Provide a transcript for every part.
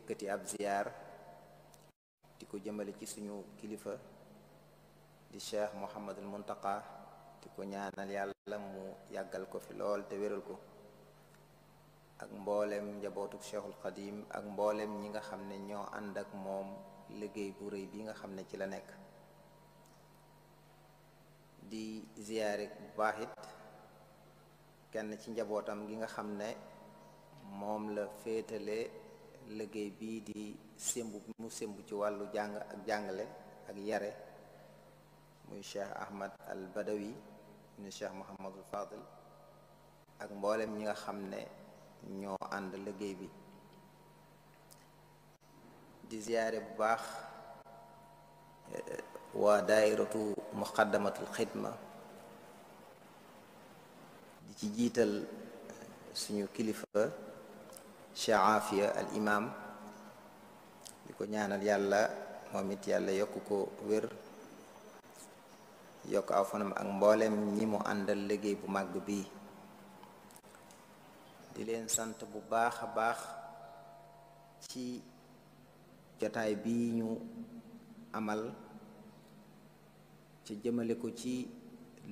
yëkkati ab ziyaar di ko jëmale ci suñu kilifa di cheikh Mouhamadul Muntaqa di ko ñaanal yàlla mu yàggal ko fi lool te wéral ko ak mboolem njabootuk cheikhul Xadim ak mbooleem ñi nga xam ne ñoo ànd ak moom liggéey bu rëy bi nga xam ne ci la nekk di ziyaare bu baax kenn ci njabootam gi nga xam ne moom la féetale liggéey bii di sémb bi mu sémb ci wàllu jàng ak jàngale ak yare muy cheikh ahmad al badawi ñu cheikh mohamadul fadil ak mboolem ñi nga xam ne ñoo ànd liggéey bi di ziyaare bu baax eh, waa daairatu muqaddamatul xidma di ci jiital suñu kilifa Cheikh Afia al imam di ko ñaanal yàlla moom it yàlla yokk ko wér yokk aw fanam ak mbooleem ñi mu àndal liggéey bu màgg bii di leen sant bu baax a baax ci jotaay bi ñu amal ci jëmale ko ci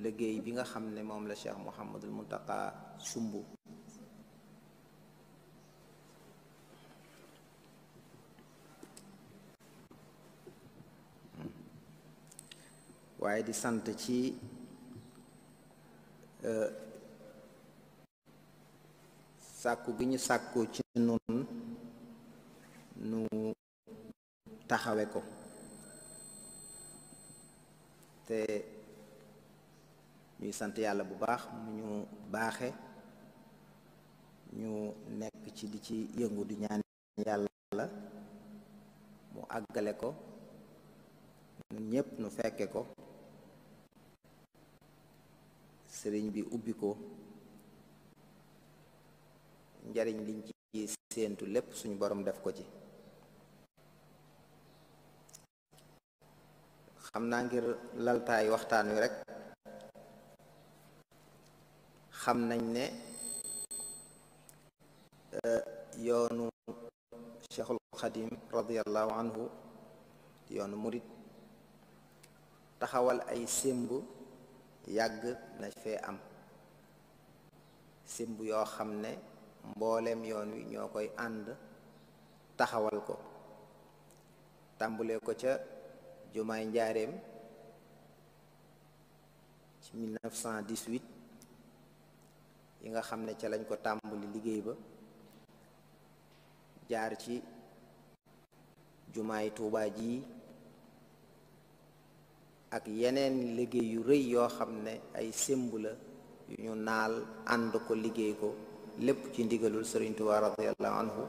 liggéey bi nga xam ne moom la Cheikh Mouhamadul Muntaka sumb waaye di sant ci e, sàkku bi ñu sàkkoo ci nun nu taxawe ko te ñuy sant yàlla bu baax mu ñu baaxe ñu nekk ci di ci yëngu di ñaan yàlla mu àggale ko ñun ñépp nu fekke ko sëriñ bi ubbi ko njariñ liñ ci séentu lépp suñu boroom def ko ci xam naa ngir laltaay waxtaan wi rekk xam nañ ne eh, yoonu cheikhul xadim radiallahu anhu yoonu murit taxawal ay sémb yàgg na fee am simb yoo xam ne mbooleem yoon wi ñoo koy ànd taxawal ko tàmbulee ko ca jumaay njaareem ci 1918 yi nga xam ne ca lañ ko tàmbali liggéey ba jaar ci jumaay Tuubaa ji ak yeneen liggéey yu rëy yoo xam ne ay sémb la yu ñu naal ànd ko liggéey ko lépp ci ndigalul Sëriñ Tuubaa radiyallahu anhu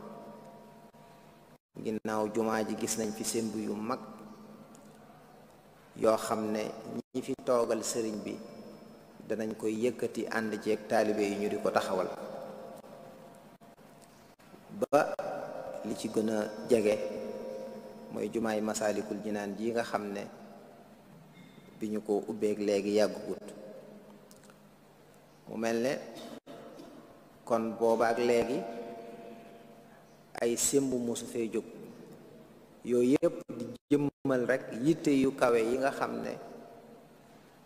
ginnaaw jumaa ji gis nañ fi sémb yu mag yoo xam ne ñi fi toogal sëriñ bi danañ koy yëkkati ànd ceeg taalibe yi ñu di ko taxawal ba li ci gën a jege mooy jumaay masaalikul jinaan ji nga xam ne bi ñu ko ubbeeg léegi yàggugut mu mel ne kon booba ak léegi ay simb mosu fee jóg yooyu yépp di jëmmal rekk yitte yu kawe yi nga xam ne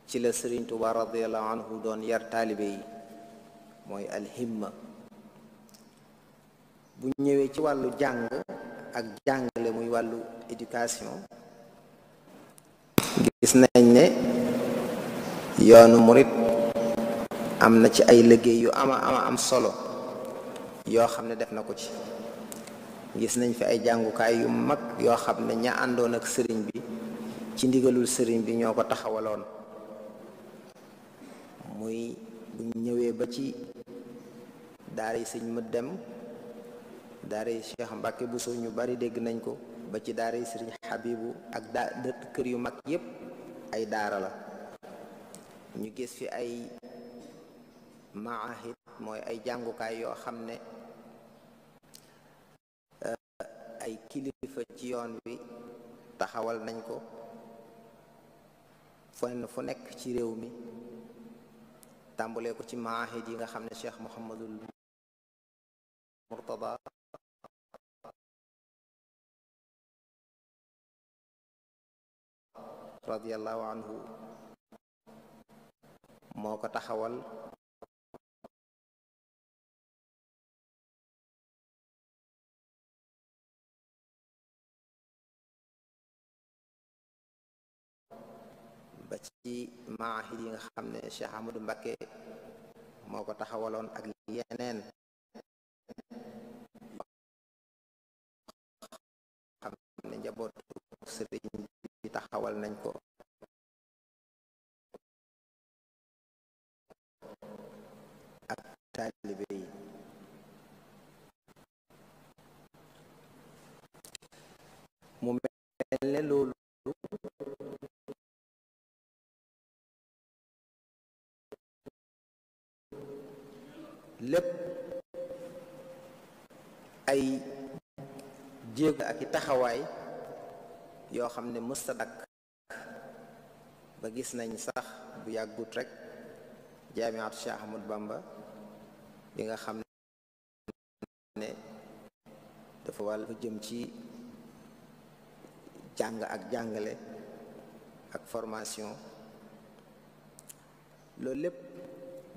ci la Sëriñ Tuba radiallahu anhu doon yar taalibe yi mooy alhimma bu ñëwee ci wàllu jàng ak jàngale muy wàllu éducation gis nañ ne yoonu murit am na ci ay liggéey yu am ama am solo yoo xam ne def na ko ci gis nañ fi ay jàngukaay yu mag yoo xam ne ña àndoon ak sëriñ bi ci ndigalul sëriñ bi ñoo ko taxawaloon muy buñ ñëwee ba ci daara yi sëñ mu dem daara yi Cheikh bu Bousso yu bari dégg nañ ko ba ci daara yi sëriñ Xabibu ak daa dëkk kër yu mag yépp ay daara la ñu gis fi ay maahid mooy ay jàngukaay yoo xam ne eh, ay kilifa ci yoon wi taxawal nañ ko fenn fu nekk ci réew mi tàmbalee ko ci maahid yi nga xam ne Cheikh Muhammadul Murtada radiallahu anhu moo ko taxawal ba ci nga xam ne Cheikh Ahmadou Mbacké moo ko taxawaloon ak yeneen xam ne njabootu sëriñ taxawal nañ ko ak taalibe yi mu mel ne loolu lépp ay jéego ak i taxawaay yoo xam ne mësta dakk ba gis nañ sax bu yàggut rek jaamiatu Cheikh Ahmad Bamba bi nga xam ne dafa wàll bu jëm ci jàng ak jàngale ak formation loolu lépp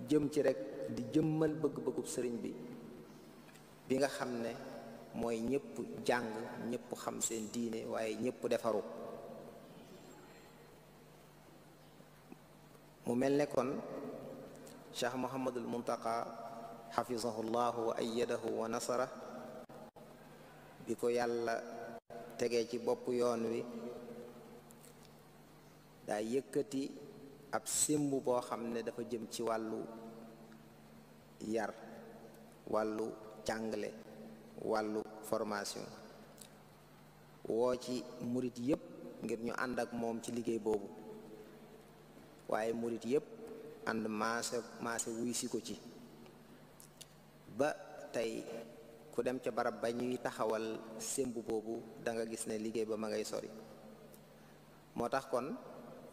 jëm ci rek di jëmmal bëgg-bëggub sëriñ bi bi nga xam ne mooy ñëpp jàng ñépp xam seen diine waaye ñëpp defaru mu mel nekkoon kon cheikh mohamadul muntaqa xafizahu llahu wa nasara bi ko yàlla tegee ci bopp yoon wi daa yëkkati ab simb boo xam ne dafa jëm ci wàllu yar wàllu jàngale wàllu formation woo ci murit yépp ngir ñu ànd ak moom ci liggéey boobu waaye murit yépp ànd maase maase wuy ko ci ba tey ku dem ca barab ba ñuy taxawal sémb boobu danga gis ne liggéey ba ma ngay sori moo tax kon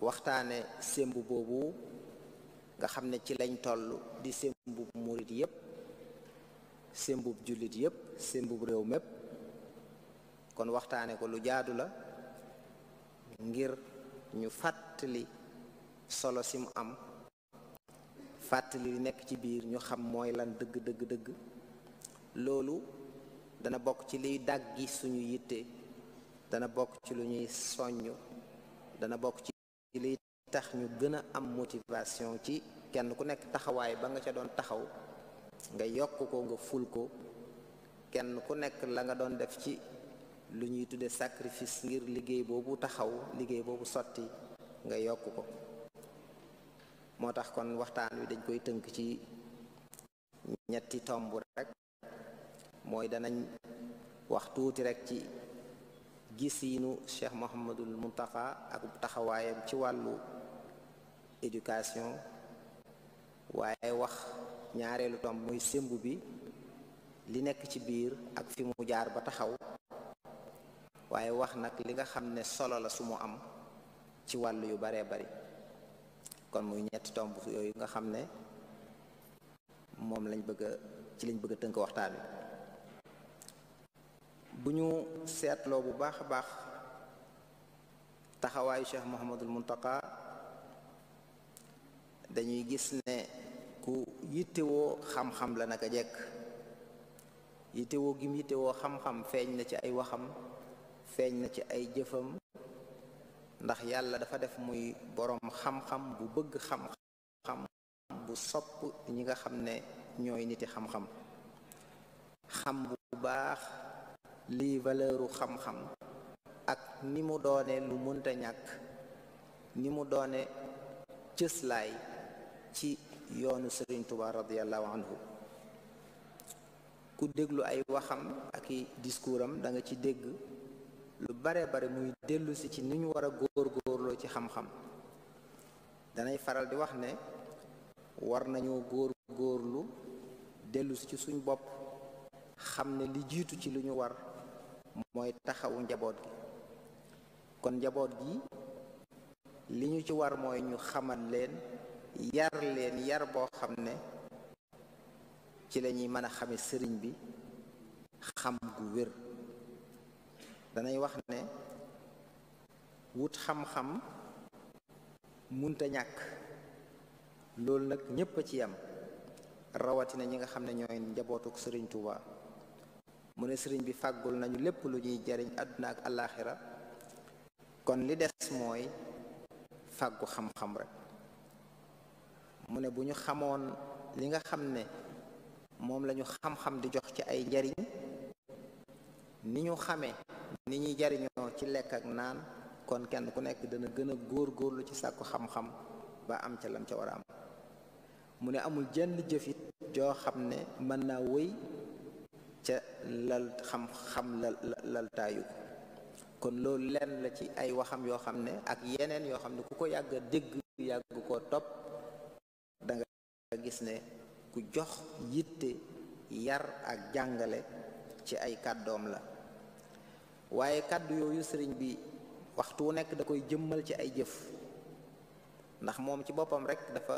waxtaane sémb boobu nga xam ne ci lañ toll di sémb murit yépp sémbub jullit yépp sémbub réew mépp kon waxtaane ko lu jaadu la ngir ñu fàttali solo si mu am fàttali nekk ci biir ñu xam mooy lan dëgg dëgg dëgg loolu dana bokk ci liy dàggi suñu yitte dana bokk ci lu ñuy soññ dana bokk ci liy tax ñu gën a am motivation ci kenn ku nekk taxawaay ba nga ca doon taxaw nga yokk ko nga ful ko kenn ku nekk la nga doon def ci lu ñuy tudde sacrifice ngir liggéey boobu taxaw liggéey boobu sotti nga yokk ko moo tax kon waxtaan wi dañ koy tënk ci ñetti tomb rek mooy danañ wax tuuti rek ci gisiinu Cheikh Mouhamadul Mountakha ak taxawaayam ci wàllu éducation waaye wax ñaareelu tomb muy sëmb bi li nekk ci biir ak fi mu jaar ba taxaw waaye wax nag li nga xam ne solo la su mu am ci wàll yu baree bari kon muy ñetti tomb yooyu nga xam ne moom lañ bëgg a ci lañ bëgg a tënk waxtaan wi bu ñu seetloo bu baax a baax taxawaayu Cheikh Mouhamadul Muntaka dañuy gis ne ku yittewoo xam-xam la naka jekk yittewoo gim yittewoo xam-xam feeñ na ci ay waxam feeñ na ci ay jëfam ndax yàlla dafa def muy boroom xam-xam bu bëgg xam-xam bu sopp ñi nga xam ne ñooy niti xam-xam xam bu baax lii valeuru xam-xam ak ni mu doone lu mënta ñàkk ni mu doone cëslaay ci yoonu Sëriñ Tuubaa radiyallahu anhu ku déglu ay waxam ak i discours am da ci dégg lu bare bare muy dellusi ci ni ñu war a góor-góorloo ci xam-xam danay faral di wax ne war nañu góor-góorlu dellusi ci suñ bopp xam ne li jiitu ci lu ñu war mooy taxawu njaboot gi kon njaboot gi li ñu ci war mooy ñu xamal leen yar leen yar boo xam ne ci la ñuy mën a xame sëriñ bi xam gu wér danay wax ne wut xam-xam munta ñàkk loolu nag ñépp a ci yam rawatina ñi nga xam ne ñooy njabootuk sëriñ Tuuba mu ne sëriñ bi fàggul nañu lépp lu ñuy jariñ àdduna ak àllaaxira kon li des mooy fàggu xam-xam rek mu ne bu ñu xamoon li nga xam ne moom lañu ñu xam-xam di jox ci ay njariñ ni ñu xamee ni ñuy jariñoo ci lekk ak naan kon kenn ku nekk dana gën a góor góorlu ci sàkku xam-xam ba am ca lam ca war a am mu ne amul jenn jëfit joo xam ne mën naa wëy ca lal xam-xam lal lal taayu ko kon loolu lenn la ci ay waxam yoo xam ne ak yeneen yoo xam ne ku ko yàgg a dégg yàgg koo topp gis ne ku jox yitte yar ak jàngale ci ay kàddoom la waaye kàddu yooyu sëriñ bi waxtu wu nekk da koy jëmmal ci ay jëf ndax moom ci boppam rekk dafa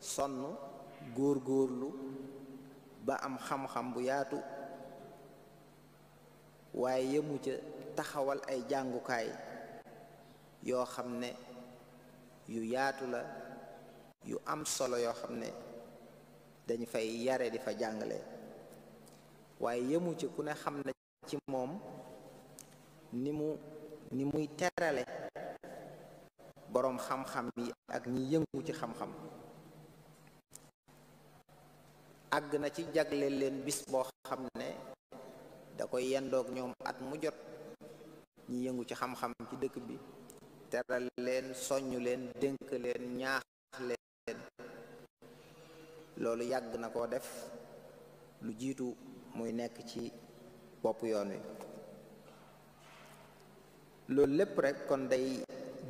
sonn góor-góorlu ba am xam-xam bu yaatu waaye yemu ca taxawal ay jàngukaay yoo xam ne yu yaatu la yu am solo yoo xam ne dañu fay yare di fa jàngale waaye yëmu ci ku ne xam na ci moom ni mu ni muy terale boroom xam-xam yi ak ñi yëngu ci xam-xam àgg na ci jagle leen bis boo xam ne da koy yendoog ñoom at mu jot ñi yëngu ci xam-xam ci dëkk bi teral leen soññ leen dénk leen ñaax loolu yàgg na koo def lu jiitu muy nekk ci bopp yoon wi loolu lépp rek kon day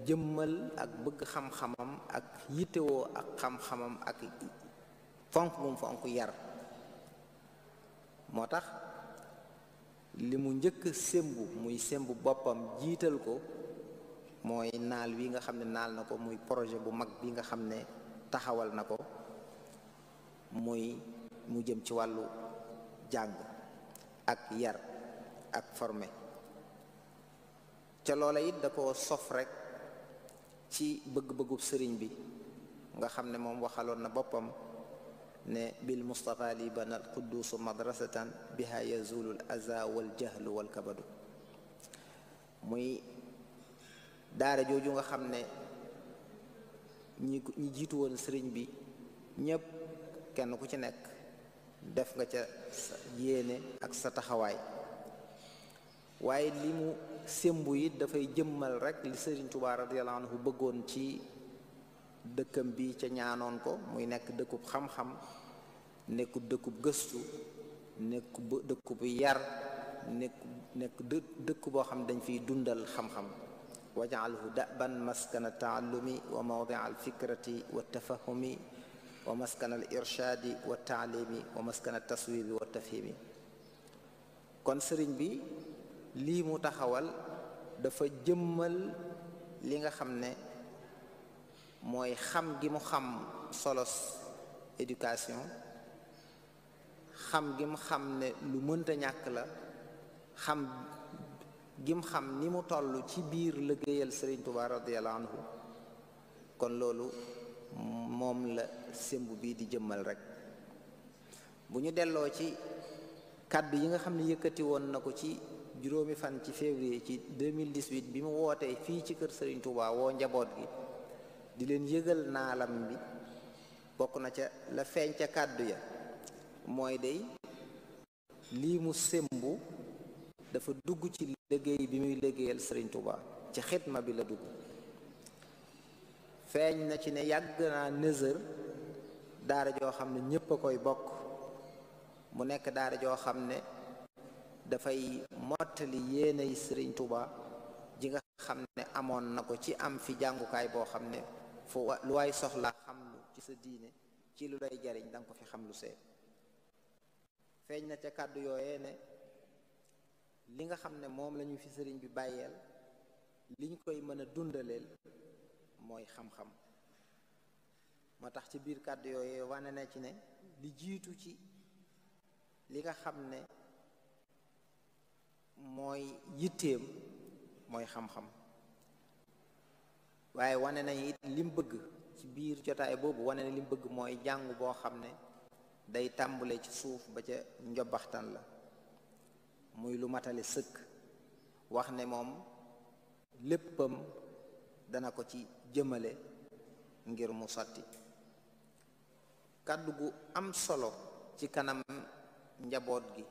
jëmmal ak bëgg xam-xamam ak yittewoo ak xam-xamam ak fonk mum fonk yar moo tax li mu njëkk sémbu muy sémbu boppam jiital ko mooy naal wi nga xam ne naal na ko muy projet bu mag bi nga xam ne taxawal na ko muy mu jëm ci wàllu jàng ak yar ak forme ca loola it da ko sof rekk ci bëgg-bëggub sëriñ bi nga xam ne moom waxaloon na boppam ne bil mustapha li banal qudduusu madrasatan biha yazulul aza wal jahlu wal kabadu muy daara jooju nga xam ne ñi ñi jiitu woon sëriñ bi ñépp kenn ku ci nekk def nga ca sa yéene ak sa taxawaay waaye li mu sémbu yi dafay jëmmal rek li sëriñ Tuubaa radiyallaahu anhu bëggoon ci dëkkam bi ca ñaanoon ko muy nekk dëkkub xam-xam nekkub dëkkub gëstu nekk dëkkub yar nekk nekk dëkk boo xam dañ fiy dundal xam-xam wajcalhu daban maskana taallumi wa mawdia alfikrati wa tafahumi wa maskana alirshaadi wa taalimi wa maskana taswibi wa tafhimi kon sëriñ bi lii mu taxawal dafa jëmmal li nga xam ne mooy xam gi mu xam solos éducation xam gi mu xam ne lu mënta ñàkk la xam gim xam ni mu toll ci biir liggéeyal sëriñ Tuubaa radiyallaahu anhu kon loolu moom la sémb bii di jëmmal rek bu ñu delloo ci kàddu yi nga xam ne yëkkati woon na ko ci juróomi fan ci février ci 2018 bi mu wootee fii ci kër sëriñ Tuubaa woo njaboot gi di leen yëgal naalam bi bokk na ca la feeñ ca kàddu ya mooy dey lii mu sémbu dafa dugg ci liggéey bi muy liggéeyal Sëriñ Tuuba ci xitma bi la dugg feeñ na ci ne yàgg naa nësër daara joo xam ne ñépp a koy bokk mu nekk daara joo xam ne dafay mottali yéenay Sëriñ Tuuba ji nga xam ne amoon na ko ci am fi jàngukaay boo xam ne fu lu waay soxlaa xam lu ci sa diine ci lu lay jariñ danga ko fi xam lu see feeñ na ca kàddu yooyee ne li nga xam ne moom lañu fi sëriñ bi bàyyeel liñ koy mën a dundaleel mooy xam-xam moo tax ci biir kàddu yooyu wane na ci ne li jiitu ci li nga xam ne mooy yitteem mooy xam-xam waaye wane na it lim bëgg ci biir jotaay boobu wane na lim bëgg mooy jàng boo xam ne day tàmbule ci suuf ba ca njobaxtan la muy lu matali sëkk wax ne moom léppam dana ko ci jëmale ngir mu sotti kàddu gu am solo ci kanam njaboot gi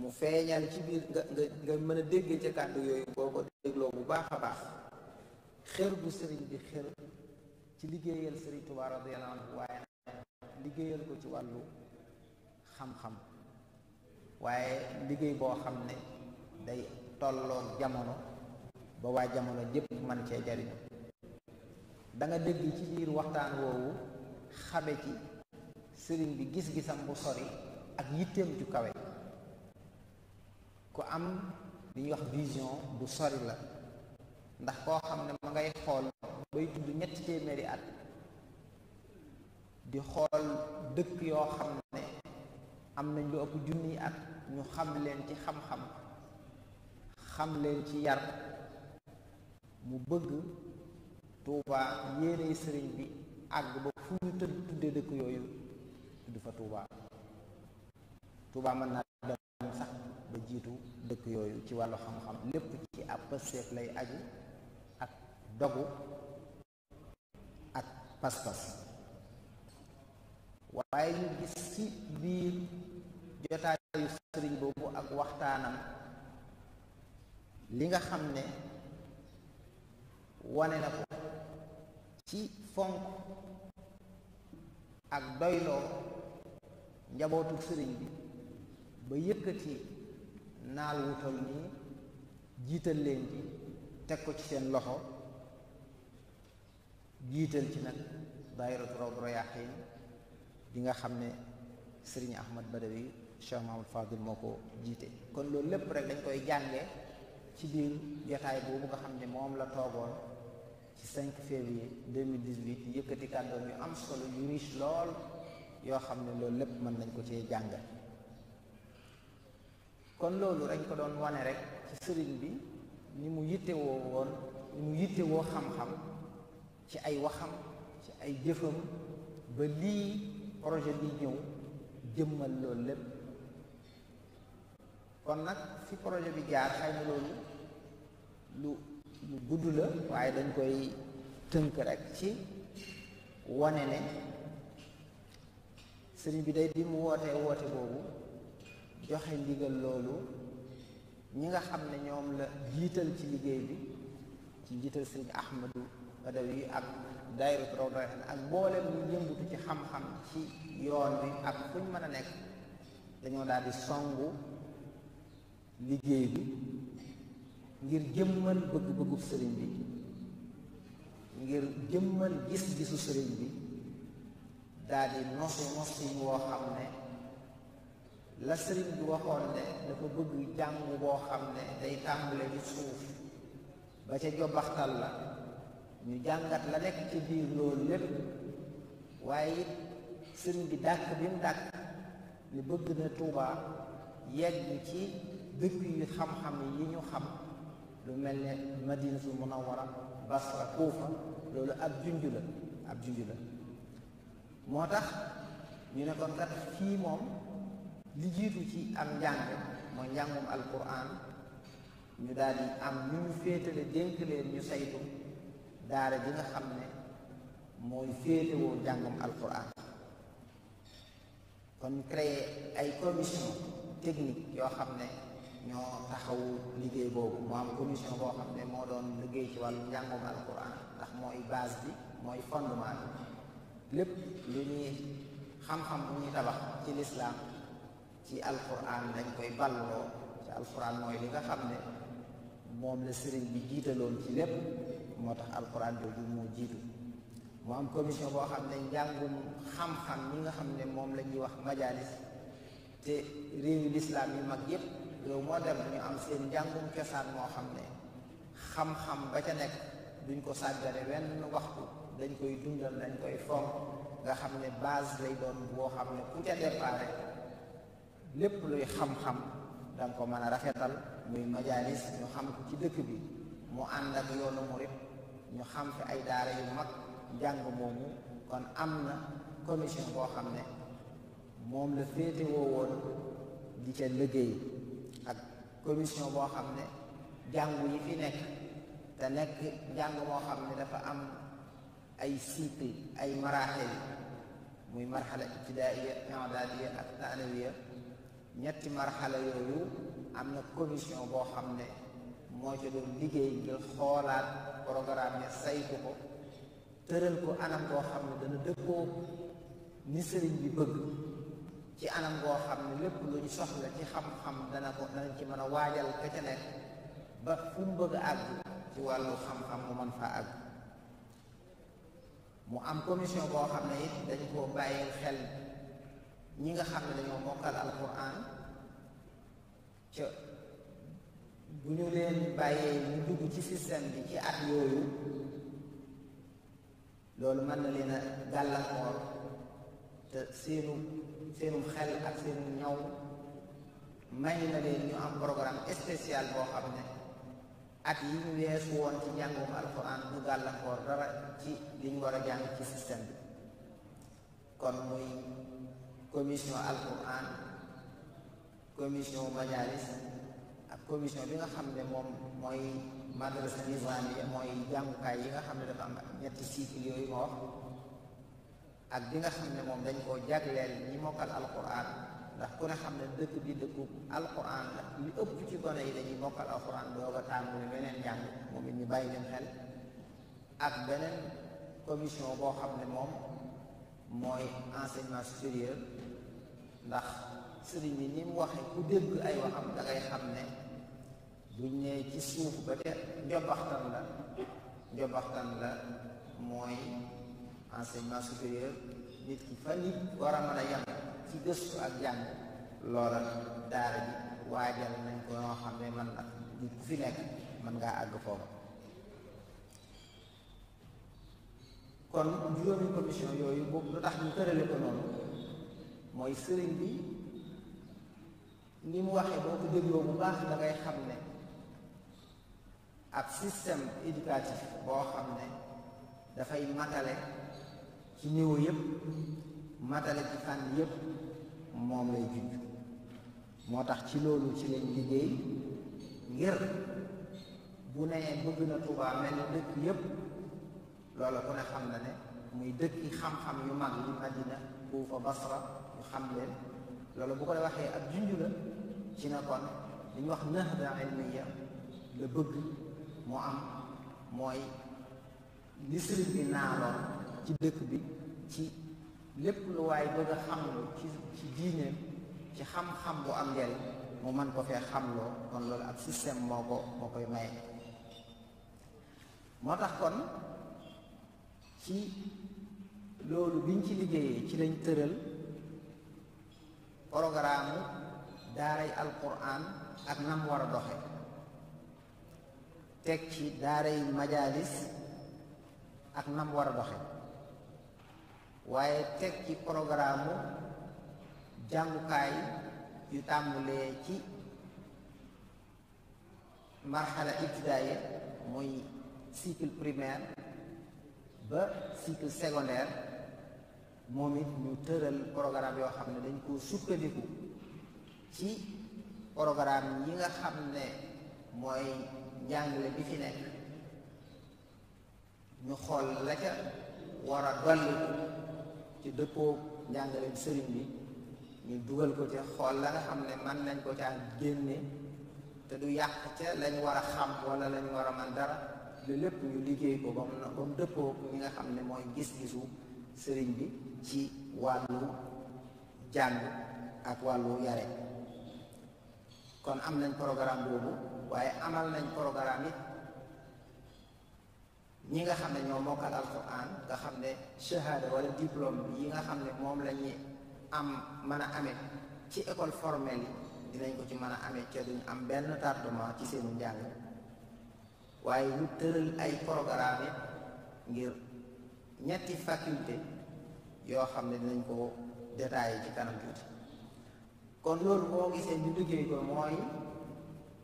mu feeñal ci biir nga nga nga mën a dégg ca kàddu yooyu boo ko dégloo bu baax a baax xër bu sëriñ bi xër ci liggéeyal sëriñ Tuubaa radiyallaahu waaye liggéeyal ko ci wàllu xam-xam waaye liggéey boo xam ne day tolloog jamono ba waa jamono jëpp mën cee jariñu da dégg ci biir waxtaan woowu xabe ci sëriñ bi gis-gisam bu sori ak yitteem ju kawe ku am li ñuy wax vision bu sori la ndax koo xam ne ma ngay xool bay tudd ñetti téeméeri at di xool dëkk yoo xam ne am nañ lu ëpp junniy at ñu xam leen ci xam-xam xam leen ci yar mu bëgg tuubaa yéene sëriñ bi àgg ba fu ñu tëdd tudde dëkk yooyu tudd fa tuubaa tuubaa mën naa dem sax ba jiitu dëkk yooyu ci wàllu xam-xam lépp ci ab pësteef lay aju ak dogu ak pas-pas waaye ñu gis ci biir jotaayu sëriñ boobu ak waxtaanam li nga xam ne wane na ko ci fonk ak doyloo njabootu sëriñ bi ba yëkkati naal wutal nii jiital leen ci teg ko ci seen loxo jiital ci nag daayiratu Rawdu Rayaahiin di nga xam ne sëriñ Ahmad Badawi Cheikh Mahamadou Fadil moo ko jiite kon loolu lépp rek lañ koy jànge ci biir jotaay boobu nga xam ne moom la toogoon ci 5 février 2018 yëkkati kàddoom yu am solo yu riche lool yoo xam ne loolu lépp mën nañ ko cee jàng kon loolu dañ ko doon wane rek ci sëriñ bi ni mu yittewoo woon ni mu yittewoo xam-xam ci ay waxam ci ay jëfam ba lii projet bi ñëw jëmmal loolu lépp kon nag fi projet bi jaar xëy loolu lu lu gudd la waaye dañ koy tënk rek ci wane ne sëriñ bi day bi mu wootee woote boobu joxe ndigal loolu ñi nga xam ne ñoom la jiital ci liggéey bi ci jiital sëriñ Ahmadu Badawi ak dayru Rawdaan ak mboolem ñu yëngutu ci xam-xam ci yoon bi ak fuñ mën a nekk dañoo daal di songu liggéey bi ngir jëmmal bëgg-bëggu sëriñ bi ngir jëmman gis-gisu sëriñ bi daal di nosu nosin woo xam ne la sëriñ bi waxoon ne dafa bëgg jàng boo xam ne day tàmbale ci suuf ba ca jobaxtal la ñu jàngat la nekk ci biir loolu lépp waaye it sëriñ bi dàkk bi mu dàkk ni bëgg na Tuubaa yegg ci dëkk yu xam-xam yi ñu xam lu mel ne madinatul munawwara basra kuufa loolu ab junj la ab junj la moo tax ñu ne kon kat fii moom li jiitu ci am njàng mooy njàngum alquran ñu daal di am ñu féetale dénk leen ñu saytu daara ji nga xam ne mooy féetewoo njàngum alquran kon créer ay commission technique yoo xam ne ñoo taxawu liggéey boobu mu am commission boo xam ne moo doon liggéey ci wàllu njàngum alquran ndax mooy baas bi mooy fondement bi lépp lu ñuy xam tabax ci lislaam ci alquran dañ koy balloo ci li nga ne moom la sëriñ bi jiitaloon ci lépp moo tax alquran jooju moo jiitu mu am commission boo xam ne njàngum xam-xam ñi nga xam ne moom la ñuy wax majalis te réewu lislaam yu mag yépp réew moo dem ñu am seen njàngum cosaan moo xam ne xam-xam ba ca nekk duñ ko sàggare wenn waxtu dañ koy dundal dañ koy fonk nga xam ne base lay doon boo xam ne ku ca déparé lépp luy xam-xam da ko mën a rafetal muy majalis ñu xam ci dëkk bi mu ànd ak yoonu murit ñu xam fi ay daara yu mag njàng moomu kon am na commission boo xam ne moom la féete woon di ca liggéey commission boo xam ne jàngu yi fi nekk te nekk jàng moo xam ne dafa am ay cycle ay maraaxil muy marxala ibtidaaiya i'daadiya ak taanawiya ñetti marxala yooyu am na commission boo xam ne moo ci doon liggéey ngir xoolaat programme ya saytu ko tëral ko anam boo xam ne dana dëppoo ni sëriñ bi bëgg ci anam goo xam ne lépp lu ñu soxla ci xam-xam dana ko danañ ci mën a waajal ka ca nekk ba fu mu bëgg àgg ci wàllu xam-xam mu man faa àgg mu am commission boo xam ne it dañ koo bàyyi xel ñi nga xam ne dañoo mokkal alquran ca bu ñu leen bàyyee ñu dugg ci système bi ci at yooyu loolu mën na leen a gàllankoor te seenu seenum xel ak seenum ñaw may na leen ñu am programme spécial boo xam ne at yi ñu weesu woon ci njàngum alxuraan du gàllankoor dara ci liñ war a jàng ci système bi kon muy commission alxuraan commission majalis ak commission bi nga xam ne moom mooy madrasa nizamiya mooy jàngukaay yi nga xam ne dafa am ñetti cycle yooyu ma wax ak bi nga xam ne moom dañ koo jagleel ñi mokkal alquran ndax ku ne xam ne dëkk bi dëkku alquran la li ëpp ci gone yi dañuy mokkal alquran doog a tàmbali beneen njàng moom it ñu bàyyi leen xel ak beneen commission boo xam ne moom mooy enseignement supérieur ndax sëriñ bi ni mu waxee ku dégg ay waxam da xam ne buñ nee ci suuf ba te njobaxtan la njobaxtan la mooy enseignement supérieur nit ki fa nit war a mën a yem ak jàng loola daara ji waajal nañ ko noo xam ne man nag nit ku fi nekk mën ngaa àgg foofu kon juróomi commission yooyu boobu lu tax ñu tërale ko noonu mooy sëriñ bi ni mu waxee boo ko dégloo bu baax da ngay xam ne ak système éducatif boo xam ne dafay matale ci niveau yëpp matale ci fànn yëpp moom lay jujj moo tax ci loolu ci lañ liggéey ngir bu ne bëgg na Tuubaa mel ni dëkk yëpp loola ku ne xam na ne muy dëkki xam-xam yu mag yi Madina Kuufa Basra yu xam leen loolu bu ko waxee ak junj la ci na kon li ñu wax nahda ilmiya la bëgg mu am mooy li sëriñ bi naaloon ci dëkk bi ci lépp lu waay bëgg a xamlu ci ci ci xam-xam bu am njëriñ mu mën ko fee xamloo kon loolu ab système moo ko moo koy maye moo tax kon ci loolu biñ ci liggéeyee ci lañ tëral programme daaray alquran ak nam war a doxe teg ci daaray majalis ak nam war a doxe waaye teg ci programme jàngukaay yu tàmbalee ci marxala ibtidaaya muy cycle primaire ba cycle secondaire moom it ñu tëral programme yoo xam ne dañ koo sukkandiku ci programme yi nga xam ne mooy njàngale bi fi nekk ñu xool la war a dolli ci dëppoo njàngaleem sëriñ bi ñu dugal ko ca xool la nga xam ne man nañ ko caa génne te du yàq ca lañ war a xam wala lañ war a man dara lu lépp ñu liggéey ko ba mu ba mu dëppoo ñi nga xam ne mooy gis-gisu sëriñ bi ci wàllu jàng ak wàllu yare kon am nañ programme boobu waaye amal nañ programme it ñi nga xam ne ñoo mokkal alquran nga xam ne shahada wala diplôme yi nga xam ne moom la ñuy am mën a amee ci école formelle yi dinañ ko ci mën a amee te duñ am benn tardement ci seenu njàng waaye ñu tëral ay programme ngir ñetti faculté yoo xam ne dinañ ko détaillé ci kanam tuuti kon loolu boo gisee ñu liggéey ko mooy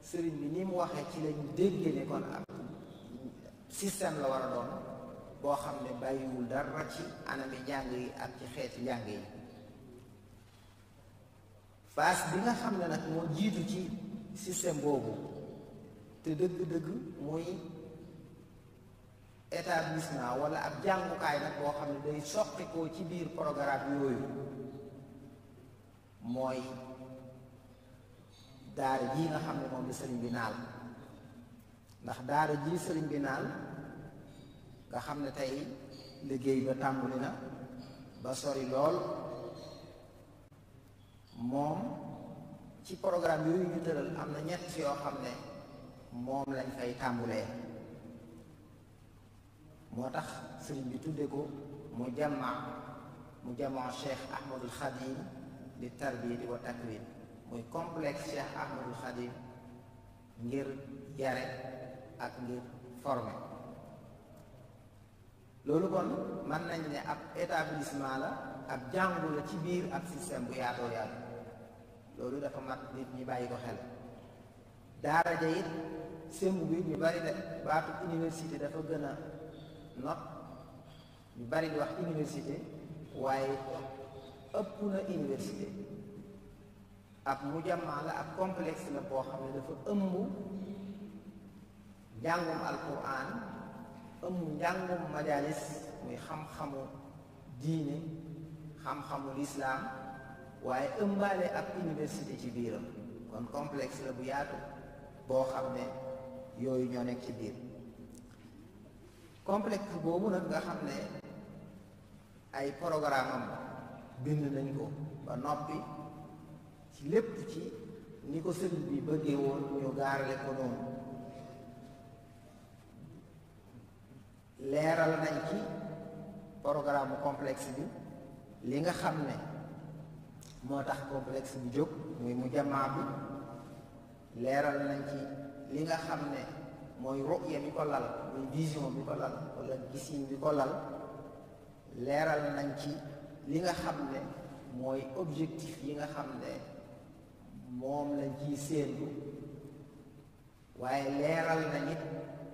sëriñ bi ni mu waxee ci lañ dégg ne am système la war a doon boo xam ne bàyyiwul dara ci anami njàng yi ak ci xeeti njàng yi fas bi nga xam ne nag moo jiitu ci système boobu te dëgg-dëgg muy naa wala ab jàngukaay nag boo xam ne day soqikoo ci biir programme yooyu mooy daara jii nga xam ne moom la sëriñ bi naal ndax daara ji sëriñ bi naan nga xam ne tey liggéey ba tàmbali na ba sori lool moom ci programme yooyu ñu tëral am na ñett yoo xam ne moom lañ fay tàmbulee moo tax sëriñ bi tudde ko mu jamma mu jamma Cheikh Ahmadul Khadim di tarbiyati wa takwin muy complexe Cheikh Ahmadul Khadim ngir yare ak mu formé loolu kon mën nañ ne ab établissement la ab jàngu la ci biir ab système bu yaatoo loolu dafa mat nit ñi bàyyi ko xel daara ja it sembu ñu bari de baatu université dafa gën a not ñu bari di wax université waaye ëpp na université ab mujammaa la ab complexe la boo xam ne dafa ëmb njàngum alquran ëmb njàngum majalis muy xam-xamu diine xam-xamu lislaam waaye ëmbaale ab université ci biiram kon complexe la bu yaatu boo xam ne yooyu ñoo nekk ci biir complexe boobu nag nga xam ne ay programme am bind nañ ko ba noppi ci lépp ci ni ko sëñ bi bëggee woon ñu gaarale ko noonu leeral nañ ci programme complex bi li nga xam ne moo tax complexe bi jóg muy mu jamaa bi leeral nañ ci li nga xam ne mooy ruya bi ko lal muy vision bi ko lal wala gisin bi ko lal leeral nañ ci li nga xam ne mooy objectif yi nga xam ne moom la ciy séentu waaye leeral nañ it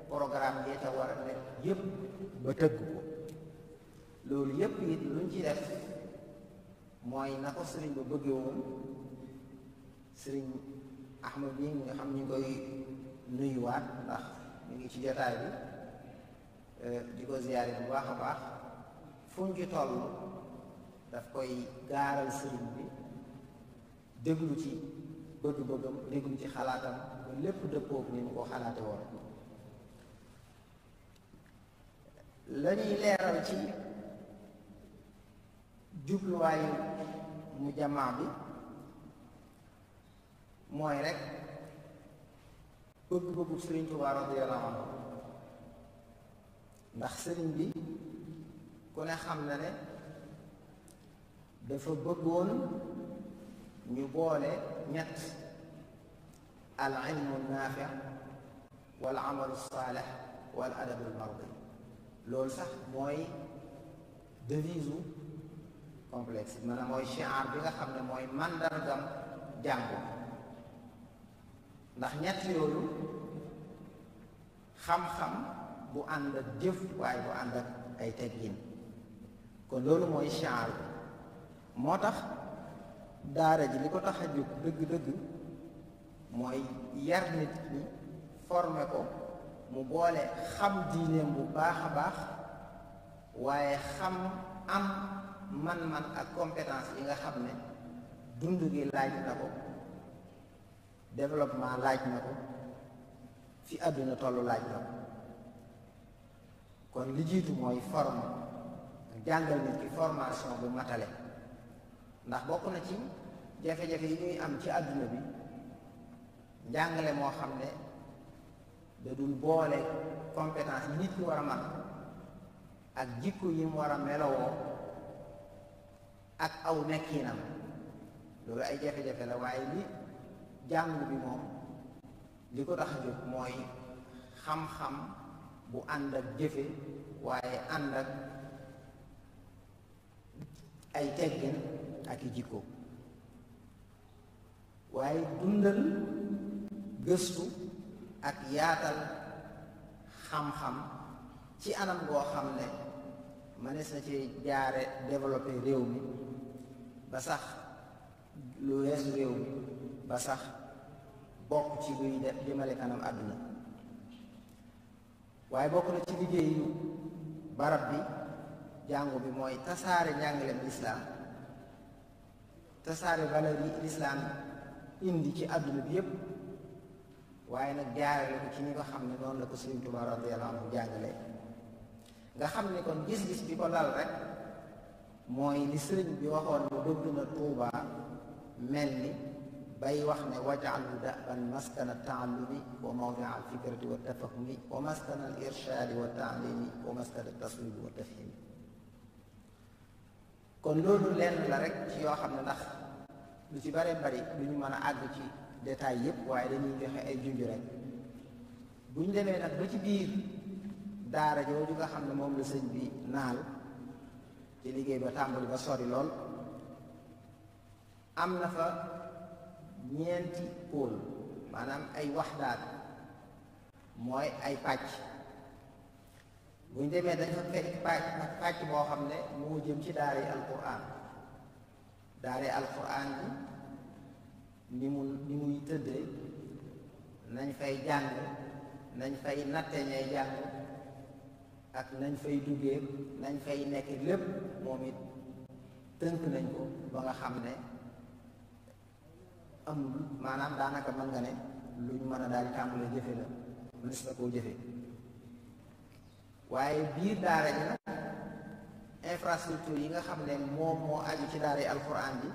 programme bi te war a nekk yëpp ba tëgg ko loolu yëpp it luñ ci def mooy na ko sëriñ ba bëggee woon sëriñ Ahmad bi nga xam ñu koy nuyuwaat ndax ñu ngi ci jotaay bi euh, di ko ziyaare bu baax a baax fuñ ci toll daf koy gaaral sëriñ bi déglu ci bëgg-bëggam déglu ci xalaatam lépp dëppoog ni mu ko xalaate woon la ñuy leeral ci jubluwaayu mu jamaa bi mooy rekk bëgg-bëggu Sëriñ Tuubaa radiyallaahu anhu ndax sëriñ bi ku ne xam na ne dafa bëggoon ñu boole ñett al ilmu naafi wal amalu saalih wal adabu mardi loolu sax mooy devise u complexe bi mooy chiar bi nga xam ne mooy màndargam jàngu ndax ñett yooyu xam-xam bu ànd ak jëf waaye bu ànd ak ay teggin kon loolu mooy chiar bi moo tax daara ji li ko tax a jóg dëgg-dëgg mooy yar nit ñi former ko mu boole xam diineem bu baax a baax waaye xam am man-man ak compétence yi nga xam ne dund gi laaj na ko développement laaj na ko fi àdduna tollu laaj na ko kon li jiitu mooy forme jàngal nit ki formation bu matale ndax bokk na ci jafe-jafe yi ñuy am ci àdduna bi njàngale moo xam ne da dul boole compétence yi nit ki war a man ak jikko yi mu war a melowoo ak aw nekkinam loolu ay jafe-jafe la waaye li jàng bi moom li ko tax a jóg mooy xam-xam bu ànd ak jëfe waaye ànd ak ay teggin ak i jikko waaye dundal gëstu ak yaatal xam-xam ci anam goo xam ne mënees na ci jaare développé réew mi ba sax lu weesu réew mi ba sax bokk ci luy def jëmale kanam àdduna waaye bokk na ci liggéeyu barab bi jàngu bi mooy tasaare njàngaleem lislaam tasaare valeur yi lislaam indi ci àdduna bi yépp waaye nag jaarale ko ci ñi nga xam ne noonu la ko Sëriñ Tuubaa radiyallaahu anhu jàngale nga xam ne kon gis-gis bi ko lal rek mooy li sëriñ bi waxoon ne bëgg na Tuuba mel ni bay wax ne wajaalu daban maskana taallumi wa mawdia al fikrati wa tafahumi wa maskana al wa taalimi wa maskana taswibi wa tafhimi kon loolu lenn la rek ci yoo xam ne ndax lu ci bare bari lu ñu mën a àgg ci détail yëpp waaye dañuy joxe ay junj rek bu ñu demee nag ba ci biir daara jooju nga xam ne moom la sëñ bi naal ci liggéey ba tàmbali ba sori lool am na fa ñeenti pôl maanaam ay waxdaat mooy ay pàcc bu ñu demee dañ fa fekk pàcc pàcc boo xam ne moo jëm ci daara yi alquran daara yi alquran bi ni mu ni muy tëddee nañ fay jàng nañ fay natte ñay jàng ak nañ fay duggee nañ fay nekk lépp moom it tënk nañ ko ba nga xam ne amul maanaam daanaka mën nga ne luñ mën a daal tàmbale jëfe la mënees na koo jëfe waaye biir daara ji nag infrastructure yi nga xam ne moom moo aju ci daara yi alxuraan bi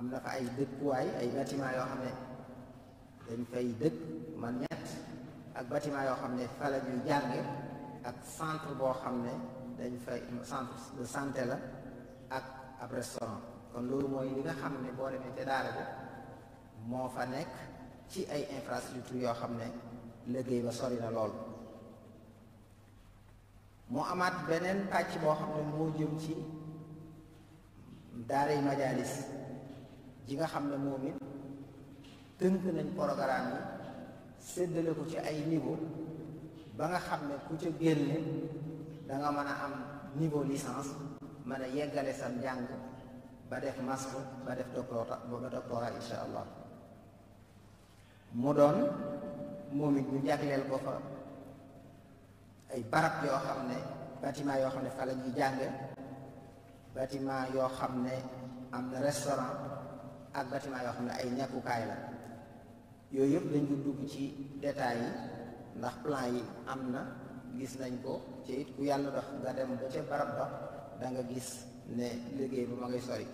am na fa ay dëkkuwaay ay bâtiment yoo xam ne dañ fay dëkk man ñett ak bâtiment yoo xam ne fa la ñuy jànge ak centre boo xam ne dañ fay centre de santé la ak ab restaurant kon loolu mooy li nga xam ne boo demee te daara bi moo fa nekk ci ay infrastructure yoo xam ne liggéey ba sori na lool amaat beneen pàcc boo xam ne moo jëm ci daara yi ji nga xam ne moom it tënk nañ programme yi séddale ko ci ay niveau ba nga xam ne ku ca génne danga mën a am niveau lisance mën a yeggale sam njàng ba def master ba def doctorat insha allah mu doon moom it ñu jagleel ko fa ay barab yoo xam ne bâtiment yoo xam ne fa la ñuy jànge bâtiment yoo xam ne am na restaurant ak bâtiment yoo xam ne ay ñàkkukaay la yooyu yëpp dañu dugg ci détails yi ndax plan yi am na gis nañ ko ci it ku yàlla dox nga dem ba ca barab ba da gis ne liggéey bu ma ngay sori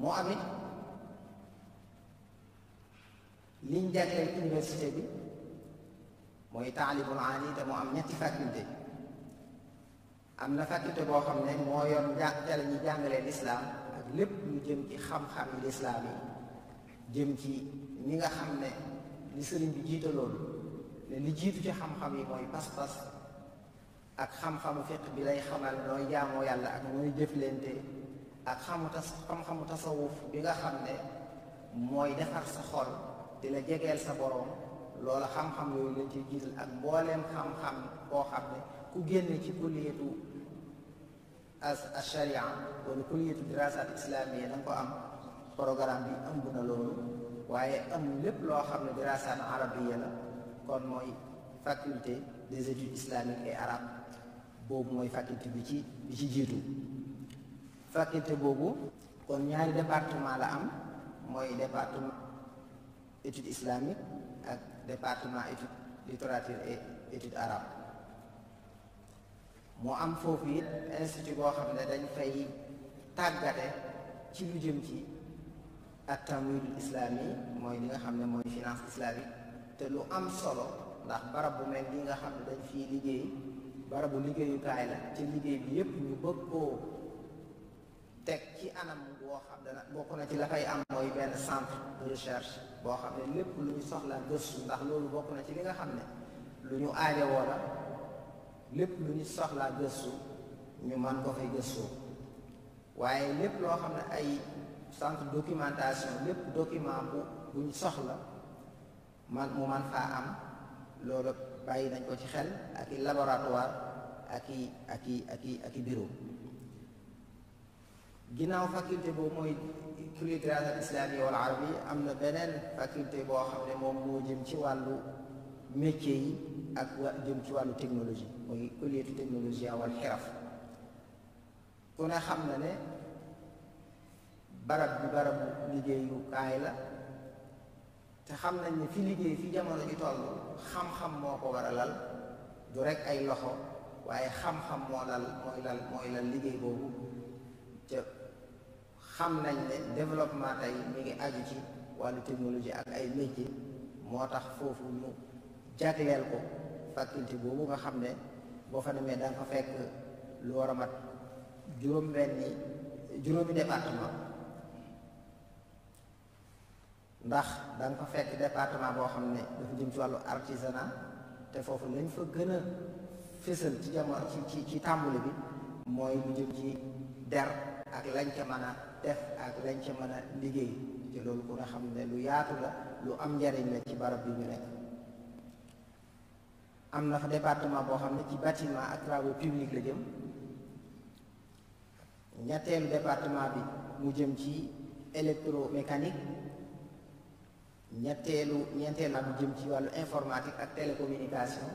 moo am it liñ jagleel université bi mooy taalibul aali te moo am ñetti faculté am na faculté boo xam ne moo yor njàng te la ñuy jàngalee lislaam ak lépp lu jëm ci xam-xam yi lislaam yi jëm ci ñi nga xam ne li sëriñ bi jiitaloon ne li jiitu ci xam-xam yi mooy pas-pas ak xam-xamu fiq bi lay xamal nooy jaamoo yàlla ak nooy jëflante ak xamu tas xam-xamu tasawuf bi nga xam ne mooy defar sa xol di la jegeel sa borom loola xam-xam yooyu lañ ci jiital ak mbooleem xam-xam boo xam ne ku génn ci kulliyetu asharia wala kulliyatu dirasat islamiyya danga ko am programme bi ëmb na loolu waaye am lépp loo xam ne dirasat arabiya la kon mooy faculté des études islamiques et arabes boobu mooy faculté bi ci bi ci jiitu faculté boobu kon ñaari département la am mooy département études islamiques ak département études littérature et études arabes moo am foofu it institut boo xam ne dañ fay tàggate ci lu jëm ci at tamwilul yi mooy li nga xam ne mooy finance islamique te lu am solo ndax barab bu mel ni nga xam ne dañ fiy liggéey barabu liggéeyukaay la ci liggéey bi yépp ñu bëgg koo teg ci anam boo xam dana bokk na ci la fay am mooy benn centre de recherche boo xam ne lépp lu ñu soxla gëstu ndax loolu bokk na ci li nga xam ne lu ñu aajowoo la lépp lu nit soxlaa gëstu ñu man ko fay gëstoo waaye lépp loo xam ne ay centre documentation lépp document bu bu ñu soxla man mu man faa am loolu bàyyi nañ ko ci xel ak i laboratoire ak i ak i ak i ak i bureau ginnaaw faculté boobu mooy curie al islamiyya wal arabiyya am na beneen faculté boo xam ne moom moo jëm ci wàllu métier yi ak jëm ci wàllu technologie muy uliet technologie wal xeraf ku ne xam na ne barab bi barabu liggéeyukaay la te xam nañ ne fi liggéey fi jamono ci toll xam-xam moo ko war a lal du rek ay loxo waaye xam-xam moo lal mooy lal mooy lal liggéey boobu te xam nañ ne développement tey mi ngi aju ci wàllu technologie ak ay métier moo tax foofu ñu jagleel ko faculté boobu nga xam ne boo fa demee da nga fa fekk lu war a mat juróom-benni juróomi département ndax da nga fa fekk département boo xam ne dafa jëm ci wàllu artisanat te foofu lañ fa gën a fésal ci jamono ci ci ci bi mooy lu jëm ci der ak lañ ca mën a def ak lañ ca mën a liggéey te loolu ku nga xam ne lu yaatu la lu am njariñ la ci barab bi ñu nekk am na fa département boo xam ne ci bâtiment ak travaux publics la jëm ñetteelu département bi mu jëm ci électromécanique ñetteelu ñeenteel nag mu jëm ci wàllu informatique ak télécommunication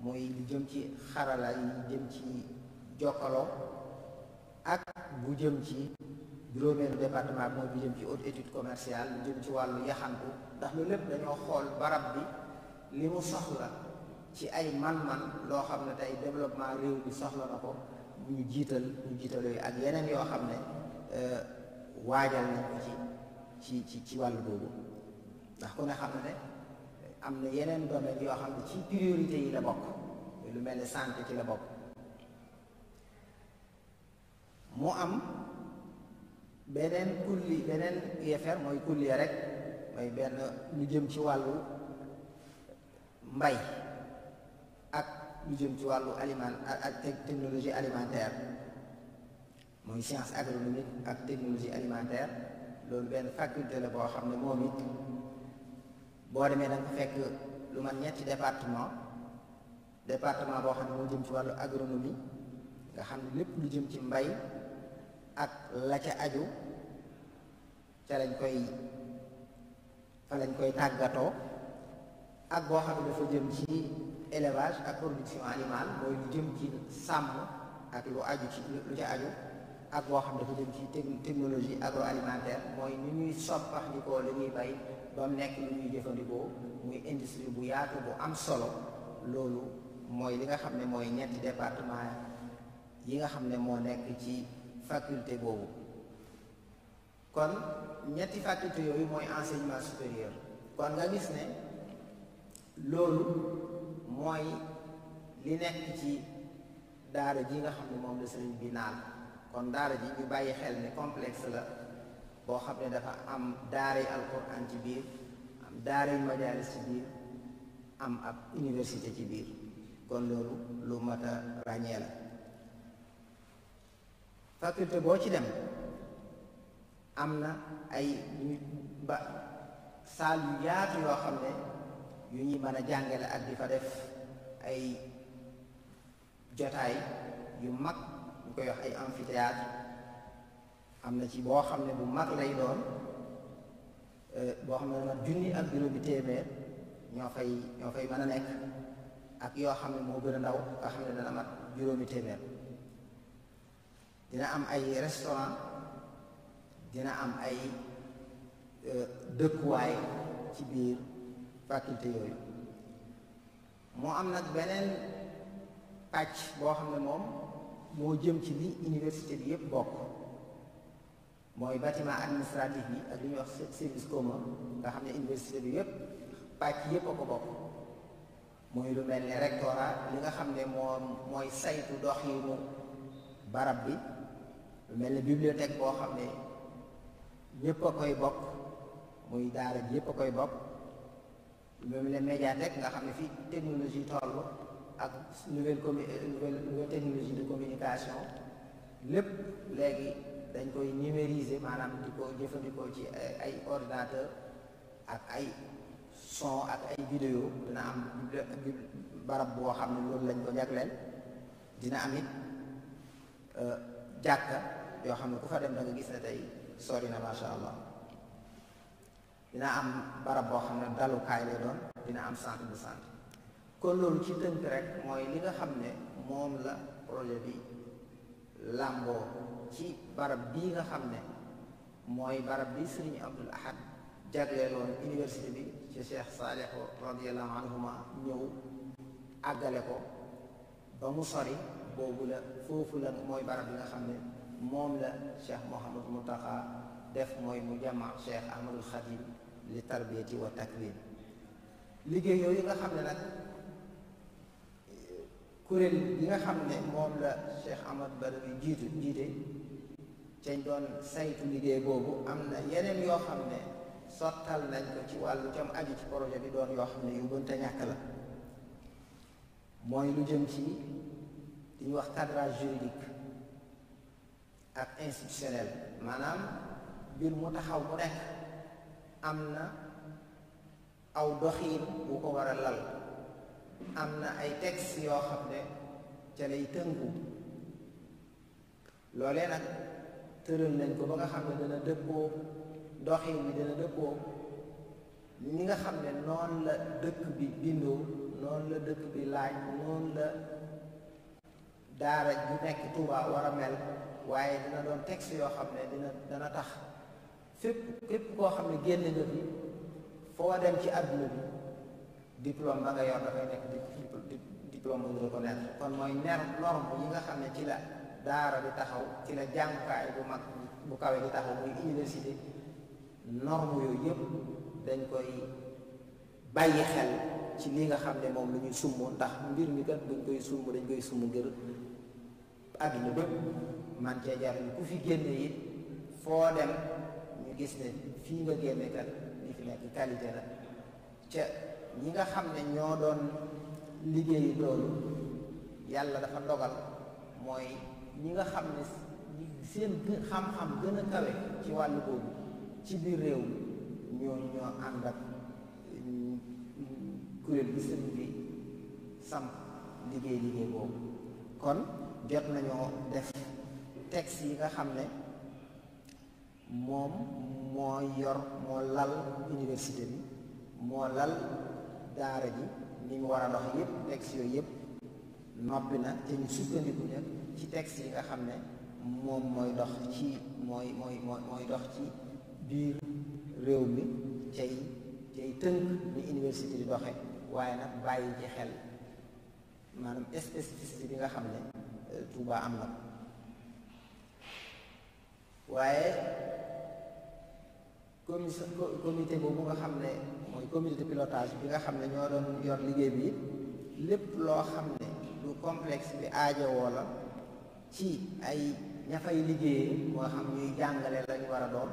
mooy lu jëm ci xarala yi jëm ci jokkaloo ak bu jëm ci juróomeelu département bi mooy bu jëm ci haute étude commerciale lu jëm ci wàllu yaxantu ndax lu lépp dañoo xool barab bi li mu soxla ci ay man-man loo xam ne tey développement réew mi soxla na ko ñu jiital ñu jiital yooyu ak yeneen yoo xam ne euh, waajal nañ ci ci ci wàllu boobu ndax ku ne xam ne am na yeneen domaine yoo xam ne ci priorité yi la bokk lu mel ni santé ci la bokk mu am beneen kulli beneen UFR mooy kulli rek mooy benn lu jëm ci wàllu mbay lu jëm ci wàllu aliment ak technologie alimentaire mooy science agronomique ak technologie alimentaire loolu benn faculté la boo xam ne moom it boo demee da nga fekk lu man ñetti département département boo xam ne moo jëm ci wàllu agronomie nga xam ne lépp lu jëm ci mbay ak la ca aju ca lañ koy fa lañ koy tàggatoo ak boo xam ne dafa jëm ci élevage ak production animale mooy lu jëm ci sàmm ak lu aju ci lu ca aju ak boo xam ne dafa jëm ci technologie agroalimentaire mooy ñu ñuy soppax di ko li ñuy bay ba mu nekk lu ñuy jëfandikoo muy industrie bu yaatu bu am solo loolu mooy li nga xam ne mooy ñetti département yi nga xam ne moo nekk ci faculté boobu kon ñetti faculté yooyu mooy enseignement supérieur kon nga gis ne loolu mooy li nekk ci daara ji nga xam ne moom la sëriñ bi naan kon daara ji ñu bàyyi xel ne complexe la boo xam ne dafa am daaray alquran ci biir am yi majalis ci biir am ab université ci biir kon loolu lu mat a ràññee la faculté boo ci dem am na ay ba saal yu yaatu yoo xam ne yu ñuy mën a jàngale ak di fa def ay jotaay yu mag ñu koy wax ay amphithéâtre am na ci boo xam ne bu mag lay doon euh, boo xam ne nag ak juróomi téeméer ñoo fay ñoo fay mën a nekk ak yoo xam ne moo gën a ndaw nga xam ne dana mat juróomi téeméer dina am ay restaurant dina am ay euh, dëkkuwaay ci biir faculté yooyu moo am nag beneen pàcc boo xam ne moom moo jëm ci li université bi yëpp bokk mooy bâtiment administratif yi ak li ñuy wax service commun nga xam ne université bi yépp pàcc yépp a ko bokk mooy lu mel ne rectorat li nga xam ne moom saytu doxinu bi lu mel ne bibliothèque boo xam ne ñépp koy bokk muy daara bi yépp a koy bokk ñoom les médias rek nga xam ne fii technologie toll ak nouvelle commu euh, nouvelle nouvelle technologie de communication lépp léegi dañ koy numériser maanaam di ko jëfandikoo ci euh, ay ordinateur ak ay son ak ay vidéo dina am barab boo xam ne loolu lañ ko jagleel dina am it euh, jàkka yoo xam ne ku fa dem danga nga gis ne tey sori na macha allah. dina am barab boo xam ne dalukaay lay doon dina am centre de santé kon loolu ci tënk rek mooy li nga xam ne moom la projet bi làmboo ci barab bii nga xam ne mooy barab bi sëriñ Abdul Ahad jagleeloon université bi ci Cheikh Saalihu radiallahu anhuma ñëw ko ba mu sori boobu la foofu mooy bi nga xam ne moom la Cheikh Mouhamadou Mountakha def mooy mu jamaa Cheikh Ahmadul Khadim li tarbiyati wa takwin liggéey yooyu nga xam ne nag kuréel yi nga xam ne moom la Cheikh Ahmad Badawi jiitu jiite cañ doon saytu liggéey boobu am na yeneen yoo xam ne sottal nañ ko ci wàllu jam aju ci projet bi doon yoo xam ne yu bënta ñàkk la mooy lu jëm ci li wax cadrage juridique ak institutionnel maanaam mbir mu taxaw mu nekk am na aw doxiin bu ko war a lal am na ay texte yoo xam ne ca lay tënku loolee nag tëral nañ ko ba nga xam ne dana dëppoo doxiin bi dana dëppoo ñi nga xam ne noonu la dëkk bi bindoo noonu la dëkk bi laaj noonu la daara ju nekk Tuuba war a mel waaye dina doon texte yoo xam ne dina dana tax fépp képp koo xam ne génn nga fi foo dem ci àdduna bi diplôme ba yor dafay nekk di diplôme bu ñu reconnaître kon mooy ner norme yi nga xam ne ci la daara di taxaw ci la jàngukaay bu mag bu kawe di taxaw muy université norme yooyu yëpp dañ koy bàyyi xel ci li nga xam ne moom lu ñuy sumb ndax mbir mi kat buñ koy sumb dañ koy sumb ngir àdduna bépp man cee jar ku fi génne it foo dem gis ne fii nga génne kat li fi nekk qualité la ca ñi nga xam ne ñoo doon liggéey loolu yàlla dafa dogal mooy ñi nga xam ne seen xam-xam gën a kawe ci wàll boobu ci biir réew ñooñu ñoo ànd ak mm, kuréel bi bi samp liggéey liggéey boobu kon jot nañoo def texte yi nga xam ne moom moo yor moo lal université bi moo lal daara ji ni mu war a dox yépp texte yooyu yépp noppi na te ñu sukkandiku nag ci texte yi nga xam ne moom mooy dox ci mooy mooy mooy dox ci biir réew mi cay cay tënk ni université di doxe waaye nag bàyyi ci xel maanaam spécificité bi nga xam ne Touba am na waaye commission comité boobu nga xam ne mooy comité de pilotage bi nga xam ne ñoo doon yor liggéey bi lépp loo xam ne lu complexe bi aajowoo la ci ay ña fay liggéeyee moo xam ñuy jàngale lañ war a doon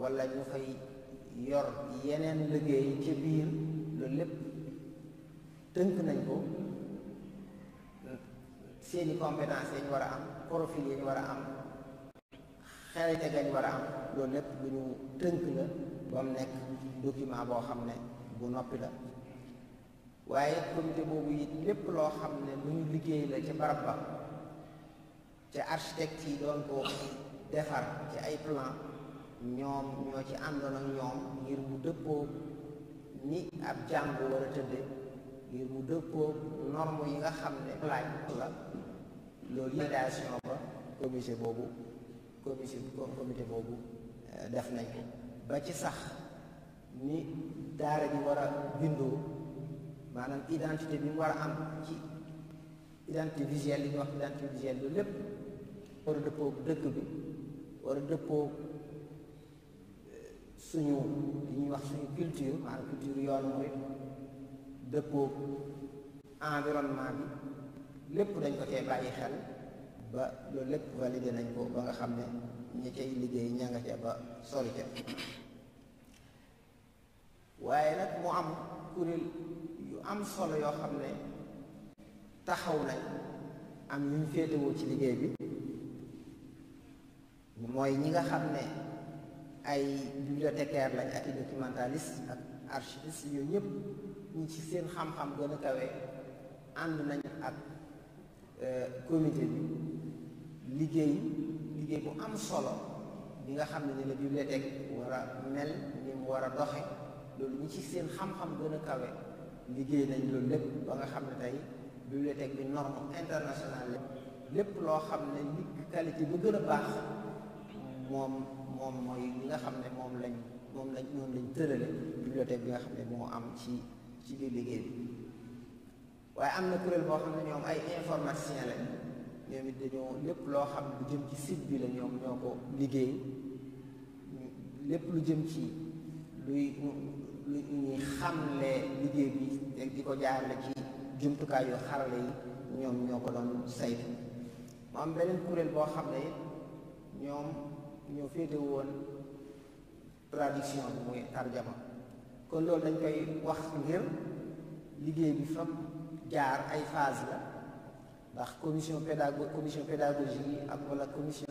wala ñu fay yor yeneen liggéey ci biir loolu lépp tënk nañ ko seeni compétence yañ war a am profil yañ war a am xelite gañ war a am loolu lépp lu tënk la ba mu nekk document boo xam ne bu noppi la waaye comité boobu it lépp loo xam ne lu ñu liggéey la ci barab ba ca architecte yi doon ko defar ci ay plan ñoom ñoo ci àndoon ak ñoom ngir mu dëppoo ni ab jàng war a tëdde ngir mu dëppoo norme yi nga xam ne laaj la loolu yédation ba comité boobu commission comité boobu euh, def nañ ko ba ci sax ni daara ji war a bindoo maanaam identité bi mu war a am ci identité visuelle li ñuy wax identité visuelle bi lépp war a dëppoo dëkk bi war a dëppoo euh, suñu li ñuy wax suñu culture maanaam culture yoonu murit dëppoo environnement bi lépp dañ ko cee bàyyi xel ba loolu lépp validé nañ ko ba nga xam ne ñi liggéey ña nga ca ba sori ca waaye nag mu am kuréel yu am solo yoo xam ne taxaw nañ am ñu féetewoo ci liggéey bi mooy ñi nga xam ne ay bibliothécaire lañ ak i documentaliste ak archiviste yooyu ñëpp ñi ci seen xam-xam gën a ànd nañ ak euh, comité liggéey liggéey bu am solo bi nga xam ne ne la bibliothèque war a mel ni mu war a doxe loolu ñi ci seen xam-xam gën a kawe liggéey nañ loolu lépp ba nga xam ne tey bibliothèque bi norme internationale lépp loo xam ne nit qualité bu gën a baax moom moom mooy li nga xam ne moom lañ moom lañ moom lañ tërale bibliothèque bi nga xam ne moo am ci ci biir liggéey bi waaye am na kuréel boo xam ne ñoom ay informaticien lañ ñoom it dañoo lépp loo xam lu jëm ci site bi la ñoom ñoo ko liggéey lépp lu jëm ci luy lu ñuy xamle liggéey bi te di ko jaarale ci jumtukaay yu xarale yi ñoom ñoo ko doon saytu mu am beneen kuréel boo xam ne it ñoom ñoo féete woon traduction bi muy tarjama kon loolu dañ koy wax ngir liggéey bi fam jaar ay phase la ndax commission pédago commission pédagogie yi ak wala commission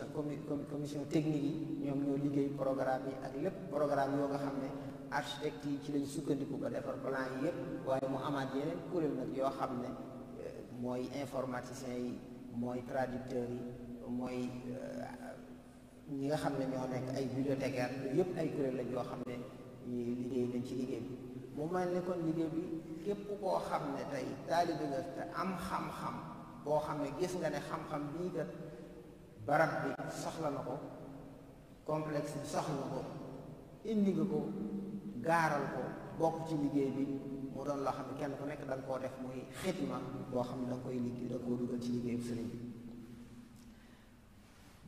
commission technique yi ñoom ñoo liggéey programme yi ak lépp programme yoo nga xam ne architecte yi ci lañ sukkandiku ko defar plan yi yëpp waaye mu amaat yeneen kurél nag yoo xam ne euh, mooy informaticien yi mooy traducteurs yi mooy euh, ñi nga xam ne ñoo nekk ay bibliothécaires yooyu yëpp ay kuréel lañ yoo xam ne ñu liggéey nañ ci liggéey bi mu mel ne kon liggéey bi képp koo xam ne tey taalibe te am xam boo xam ne gis nga ne xam-xam bii kat barab bi soxla na ko complexe bi soxla na ko indi ko gaaral ko bokk ci liggéey bi mu doon loo xam ne kenn ku nekk da nga koo def muy xitma boo xam ne da koy liggéey da nga koo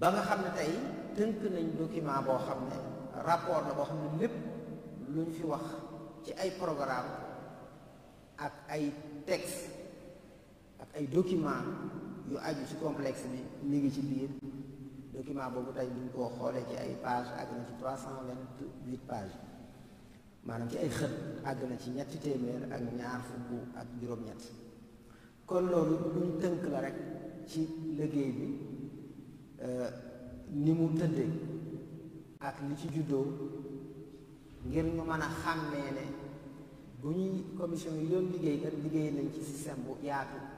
ba nga xam ne tey tënk nañ document boo xam ne rapport la boo xam ne lépp lu ñu fi wax ci ay programme ak ay texte ay document yu aju ci complex bi mi ci biir document boobu tey bu ñu koo xoolee ci ay page àgg na ci trois cent vingt-huit page maanaam ci ay xët àgg na ci ñetti téeméer ak ñaar fukk ak juróom-ñett kon loolu luñ tënk la rek ci liggéey bi euh, ni mu tëddee ak li ci juddoo ngir ñu mën a xàmmee ne bu ñuy commission yi doon liggéey kat liggéey nañ ci système bu yaatu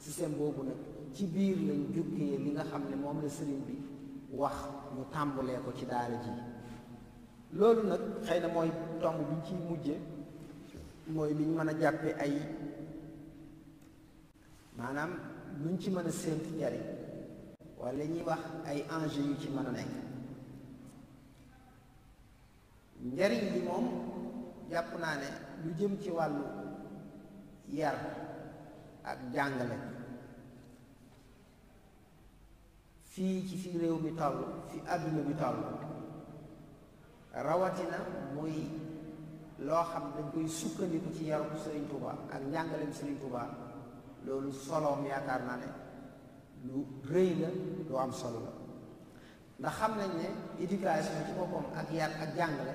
système boobu nag ci biir lañ jukkee li nga xam ne moom la sëriñ bi wax ñu tàmbulee ko ci daara ji loolu nag xëy na mooy tomb bi ciy mujje mooy liñ mën a jàppe ay maanaam luñ ci mën a séntu njariñ wala ñuy wax ay enjeux yu ci man a nekk njariñ li moom jàpp naa ne lu jëm ci wàllu yar ak jàngale fii ci fi réew mi toll fi àdduna bi toll rawatina muy loo xam dañ koy sukkandiku ci yarum sëriñ Touba ak njàngaleem sëriñ Touba loolu soloom yaakaar naa ne lu rëy la lu am solo la ndax xam nañ ne éducation ci boppam ak yar ak jàngale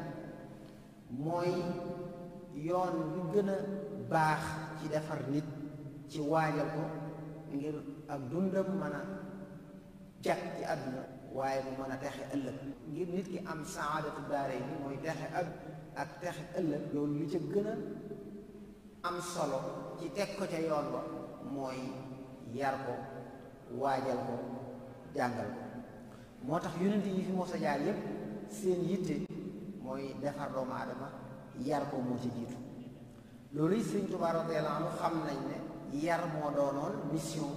mooy yoon bi gën a baax ci defar nit ci waajal ko ngir ak dundam mën a jag ci àdduna waaye mu mën a texe ëllëg ngir nit ki am saadatu daare bi mooy texe ak ak texe ëllëg loolu li ca gën a am solo ci teg ko ca yoon ba mooy yar ko waajal ko jàngal ko moo tax yonent yi fi mos jaar yépp seen yitte mooy defar doomu aadama yar ko moo ci jiitu loolu yi Sëriñ Tuubaa radiyallaahu anhu xam nañ ne yar moo doonoon mission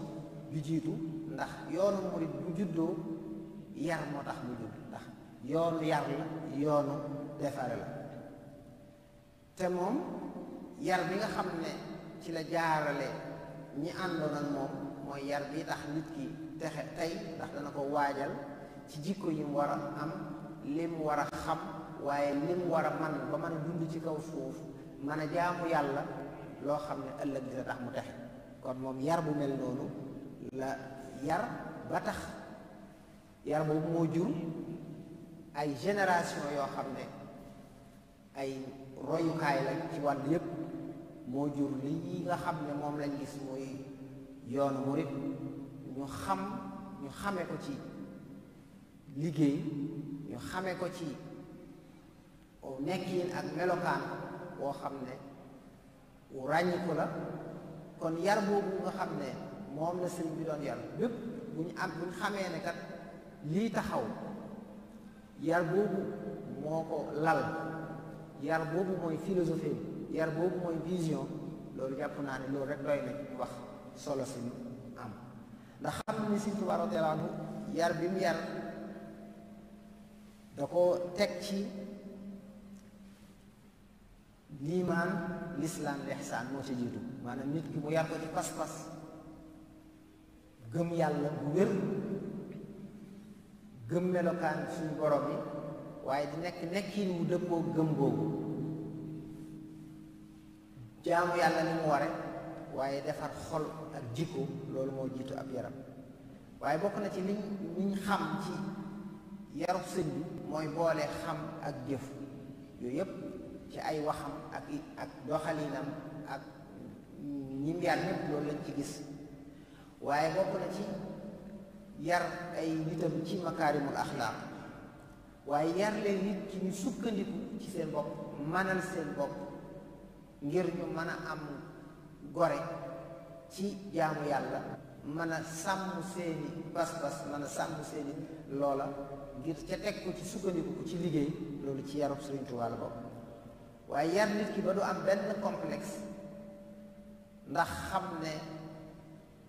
bi jiitu ndax yoonu murit bu juddoo yar moo tax mu judd ndax yoonu yar la yoonu defare la te moom yar bi nga xam ne ci la jaarale ñi àndoon ak moom mooy yar bi tax nit ki texe tey ndax dana ko waajal ci jikko yi mu war a am lim war a xam waaye lim war a man ba mën a dund ci kaw foofu man a jaamu yàlla loo xam ne ëllëg dina tax mu texe kon moom yar bu mel noonu la yar ba tax yar boobu moo jur ay génération yoo xam ne ay royukaay la ci wàll yépp moo jur lii nga xam ne moom lañ gis muy yoonu murit ñu xam ñu xame ko ci liggéey ñu xame ko ci nekkin ak melokaan woo xam ne wu ràññiku la kon yar boobu nga xam ne moom la si bi doon yar bépp bu ñu am bu ñu xamee ne kat lii taxaw yar boobu moo ko lal yar boobu mooy philosophie yar boobu mooy vision loolu jàpp naa ne loolu rek doy na wax solo si am ndax xam ne Sëriñ Tuubaa radiyallaahu anhu yar bi mu yar da ko teg ci liimaan lislaam lexsaan moo ci jiitu maanaam nit ki mu yar ko ci pas-pas gëm yàlla bu wér gëm melokaan suñu borom yi waaye di nekk nekkin wu dëppoo gëm boobu jaamu yàlla ni mu ware waaye defar xol ak jikko loolu moo jiitu ab yaram waaye bokk na ci liñ liñ xam ci yaru sëñ mooy boole xam ak jëf yooyu yépp ci ay waxam ak ak doxalinam ak ñim yar ñépp loolu lañ ci gis waaye bokk na ci yar ay nitam ci makaarimul axlaaq waaye yar leen nit ci ñu sukkandiku ci seen bopp manal seen bopp ngir ñu mën a am gore ci jaamu yàlla mën a sàmm seeni bas-bas mën a sàmm seeni loola ngir ca teg ko ci sukkandiku ci liggéey loolu ci yarub Sëriñ Tuubaa la bopp waaye yar nit ki ba du am benn complex ndax xam ne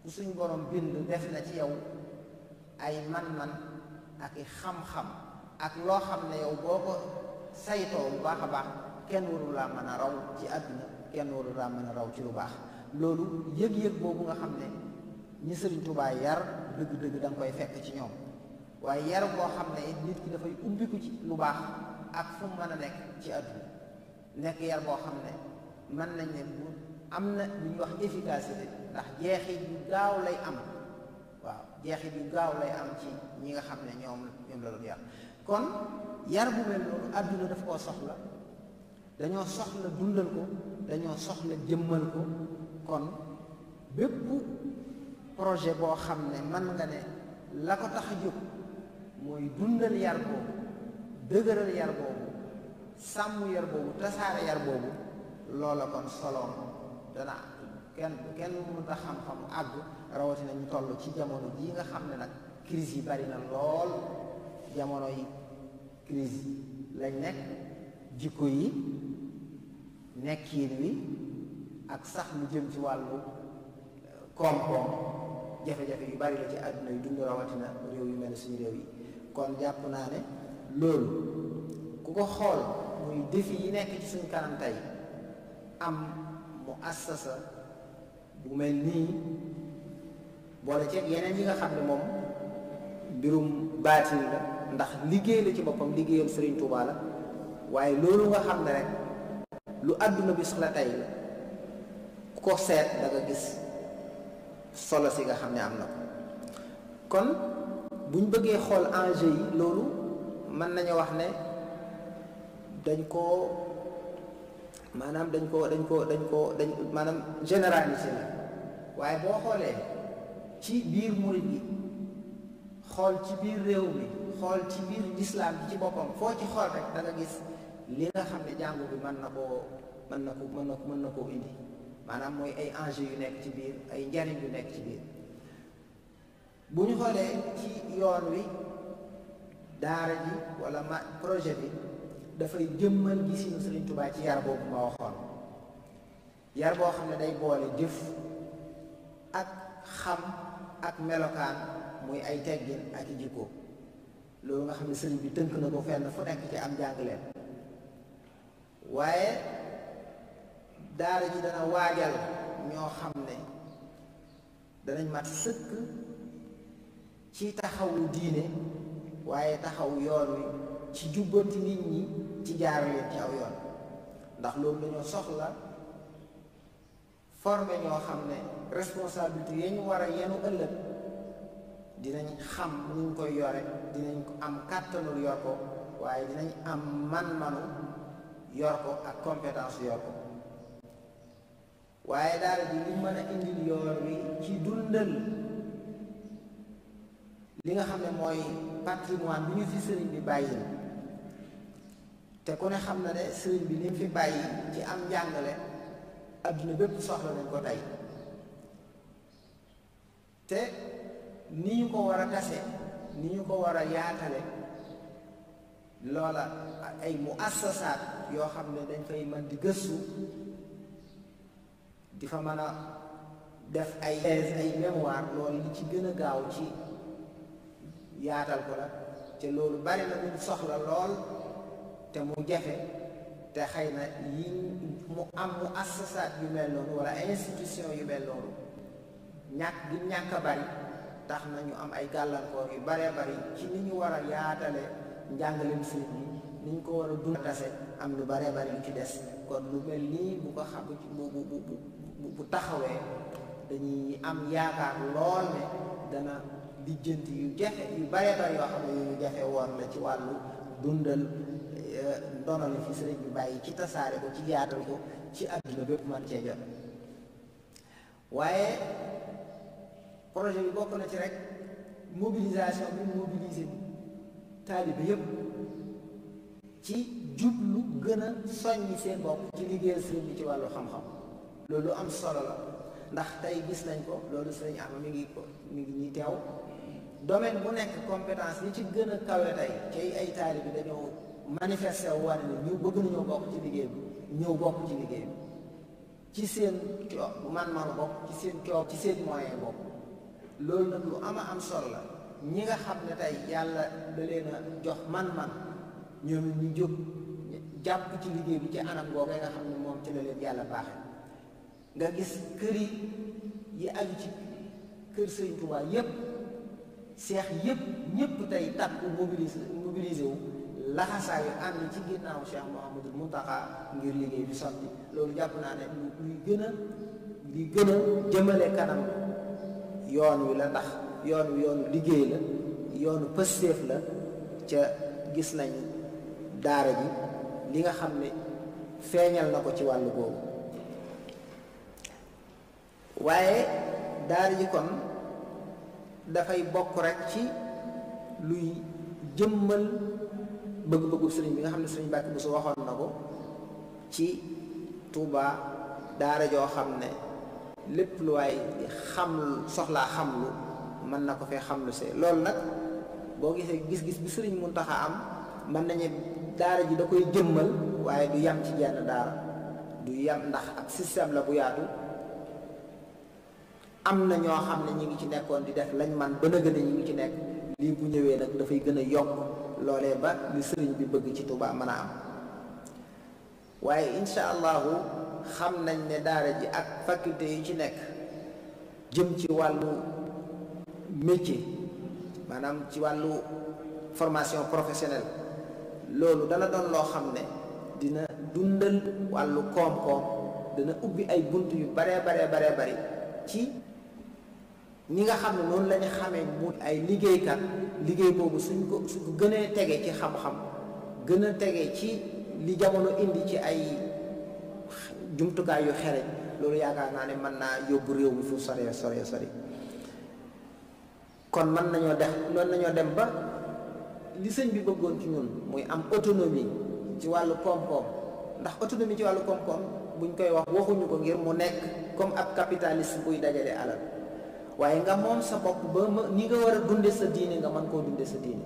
ku suñ borom bind def na ci yow ay man-man ak i xam-xam ak loo xam ne yow boo ko saytoo bu baax a baax kenn warul laa mën a raw ci àdduna kenn warul laa mën a raw ci lu baax loolu yëg-yëg boobu nga xam ne ñi sëriñ Tuubaa yar dëgg-dëgg da koy fekk ci ñoom waaye yar boo xam ne nit ki dafay ubbiku ci lu baax ak fu mu mën a nekk ci àdduna nekk yar boo xam ne mën nañ ne bu am na lu ñuy wax efficacité ndax jeexit yu gaaw lay am waaw jeexit yu gaaw lay am ci ñi nga xam ne ñoom ñoom la doon yar kon yar bu mel noonu àdduna daf koo soxla dañoo soxla dundal ko dañoo soxla jëmmal ko kon bépp projet boo xam ne mën nga ne la ko tax a jóg mooy dundal yar boobu dëgëral yar boobu sàmm yar boobu tasaare yar boobu loola kon soloom dana kenn kenn mënut a xam-xam àgg rawatina ñu toll ci jamono jii nga xam ne nag crise yi bari na lool jamono yi crise lañ nekk jikko yi nekkiin wi ak sax lu jëm ci wàllu koom-koom jafe-jafe yu bari la ci àdduna yu dund rawatina réew yu mel suñu réew yi kon jàpp naa ne loolu ku ko xool muy défi yi nekk ci suñ kanam tey am mu assasa bu mel nii boole ceeb yeneen yi nga xam ne moom mbirum baatin la ndax liggéey la ci boppam liggéeyam Sëriñ Tuubaa la waaye loolu nga xam ne rek lu àdduna bi la tey la ko seet da nga gis solo si nga xam ne am na ko kon buñ bëggee xool enjeu yi loolu mën nañu wax ne dañ koo maanaam dañ koo dañ koo dañ koo dañ maanaam généralisé la waaye boo xoolee ci biir murit yi xool ci biir réew mi xool ci biir lislaam bi ci boppam foo ci xool rek da gis li nga xam ne jàngu bi mën na koo mën na ko mën na ko mën na koo indi maanaam mooy ay enjeux yu nekk ci biir ay njariñ yu nekk ci biir bu ñu xoolee ci yoon wi daara ji walla ma projet bi dafay jëmmal gisinu Sëriñ Tuubaa ci yar boobu ma waxoon yar boo xam ne day boole jëf ak xam ak melokaan muy ay teggin ak i loolu nga xam ne sëriñ bi tënk na ko fenn fu nekk ci am jàngleen waaye daara ji dana waajal ñoo xam ne danañ mat sëkk ci taxawu diine waaye taxaw yoon wi ci jubbanti nit ñi ci jaar leen ci aw yoon ndax loolu dañoo soxla forme ñoo xam ne responsabilité yi ñu war a yenu ëllëg dinañ xam ñu koy yore dinañ ko am kàttanul yor waaye dinañ am man-manu yor ko ak compétence yor waaye daal di li mën a indil yoon wi ci dundal li nga xam ne mooy patrimoine bi ñu fi sëriñ bi bàyyi te ku ne xam na ne sëriñ bi ni fi bàyyi ci am njàngale adduna bépp soxla nañ ko tey te ni ñu ko war a tase ni ñu ko war a yaatale loola ay mu assasaat yoo xam ne dañ fay mën di gëstu di fa mën a def ay thèse ay mémoire loolu li ci gën a gaaw ci yaatal ko la te loolu bari na ñu soxla lool te mu jafe te xëy na yi mu am mu assasaat yu mel noonu wala institution yu mel noonu ñàkk gi ñàkk a bari tax na ñu am ay gàllankoor yu baree bari ci ni ñu war a yaatale njàngaleem suuf bi ni ñu ko war a dund tase am lu baree bari yu ci des kon lu mel nii bu xam bu bu bu bu taxawee dañuy am yaakaar lool ne dana lijjanti yu jafe yu baree bari yoo xam ne yu jafe woon la ci wàllu dundal. dono li fi sëriñ bi bàyyi ci tasaare ko ci yaatal ko ci àdduna bépp man cee jot waaye projet bi bokk na ci rek mobilisation bi mobiliser taalibe yépp ci jublu gën a soññi seen bopp ci liggéeyal sëriñ bi ci wàllu xam-xam loolu am solo la ndax tey gis nañ ko loolu sëriñ ama mi ngi ko mi ngi ñuy teew domaine bu nekk compétence li ci gën a kawe tey ci ay taalibe dañoo manifesté wu wane ne ñu bëgg nañoo bokk ci liggéey bi ñëw bokk ci liggéey bi ci seen coow bu man bokk ci seen coow ci seen moyen bokk loolu nag lu ama am solo la ñi nga xam ne tey yàlla da leen jox man-man ñoom ñu jóg jàpp ci liggéey bi ci boo googu nga xam ne moom ci la leen yàlla baaxe nga gis kër yi yi aju ci kër Sëriñ Tuubaa yépp seex yépp ñépp tey tàkku mobilisé wu laxasaayu ànd ci ginnaaw Cheikh Mouhamadul Mountakha ngir liggéey bi sotti loolu jàpp naa ne luy gën a li gën a jëmale kanam yoon wi la ndax yoon wi yoonu liggéey la yoonu pëstéef la ca gis nañ daara ji li nga xam ne feeñal na ko ci wàllu boobu waaye daara ji kon dafay bokk rekk ci luy jëmmal bëgg-bëggu sëriñ bi nga xam ne sëriñ bu su waxoon na ko ci Tuubaa daara joo xam ne lépp lu waaye xam soxlaa xamlu mën na ko fee xamlu see loolu nag boo gisee gis-gis bi sëriñ Muntaxa am mën nañu daara ji da koy jëmmal waaye du yam ci jenn daara du yam ndax ak sistem la bu yaatu am na ñoo xam ne ñu ngi ci nekkoon di def lañ man ba nëgëne ñu ngi ci nekk lii bu ñëwee nag dafay gën a yokk loole ba li sëriñ bi bëgg ci Touba mën a am waaye incha allahu xam nañ ne daara ji ak faculté yu ci nekk jëm ci wàllu métier maanaam ci wàllu formation professionnelle loolu dana doon loo xam ne dina dundal wàllu koom-koom dana ubbi ay bunt yu baree baree baree bari ci ñi nga xam ne noonu la ñu xamee mu ay liggéeykan liggéey boobu suñ ko su ko gënee tege ci xam-xam gën a tege ci li jamono indi ci ay jumtukaay yu xere loolu yaakaar naa ne mën naa yóbbu réew mi fu sore sore sore kon mën nañoo def mën nañoo dem ba li sëñ bi bëggoon ci ñun muy am autonomie ci wàllu koom-koom ndax autonomie ci wàllu koom buñ koy wax waxuñu ko ngir mu nekk comme ab capitaliste buy dajale alal waaye nga moom sa bopp ba ni nga war a dunde sa diine nga mën koo dunde sa diine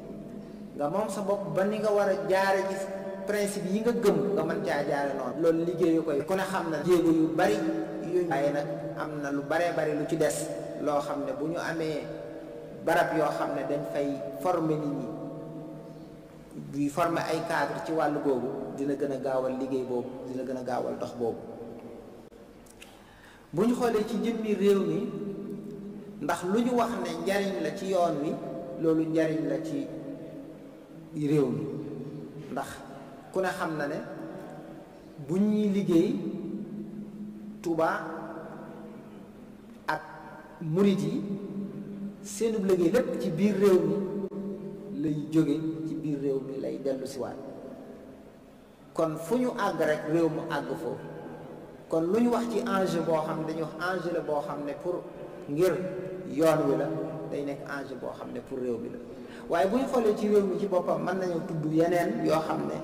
nga moom sa bopp ba ni nga war a jaare ci principe yi nga gëm nga mën caa jaare noonu loolu liggéeyu koy ku ne xam na jéego yu bari yu waaye nag am na lu baree bari lu ci des loo xam ne bu ñu amee barab yoo xam ne dañ fay former nit ñi buy ay cadre ci wàll googu dina gën a gaawal liggéey boobu dina gën a gaawal dox boobu bu ñu xoolee ci jëmmi réew mi ndax lu ñu wax ne njariñ la ci yoon wi loolu njariñ la ci réew mi ndax ku ne xam na ne bu ñuy liggéey Tuubaa ak murit yi seenub liggéey lépp ci biir réew mi lay jóge ci biir réew mi lay dellu siwaat kon fu ñu àgg rek réew mu àgg foofu kon lu ñu wax ci enjeu boo xam ne dañu wax boo xam ne pour ngir yoon wi la day nekk enjeu boo xam ne pour réew mi la waaye bu ñu ci réew mi ci boppam mën nañu tudd yeneen yoo xam ne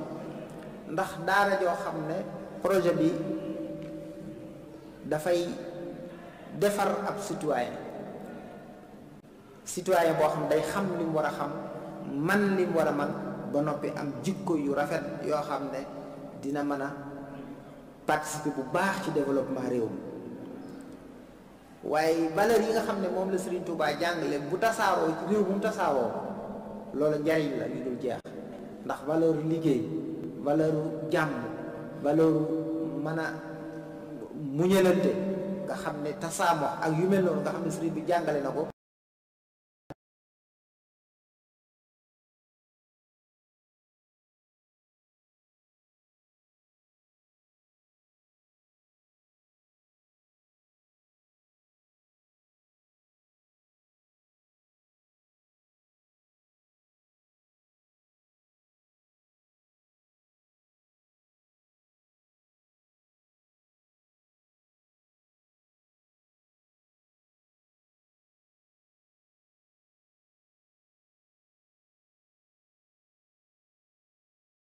ndax daara joo xam ne projet bi dafay defar ab citoyen citoyen boo xam day xam li war a xam man lim war a man ba noppi am jikko yu rafet yoo xam ne dina mën a participer bu baax ci développement réew mi waaye valeur yi nga xam ne moom la Serigne Touba jàngale bu tasaaroo ci bu mu tasaaroo loolu njariñ la yu dul jeex ndax valeur liggéey valeur jàmm valeur mën a muñalante nga xam ne tasaamox ak yu mel noonu nga xam ne Serigne bi jàngale na ko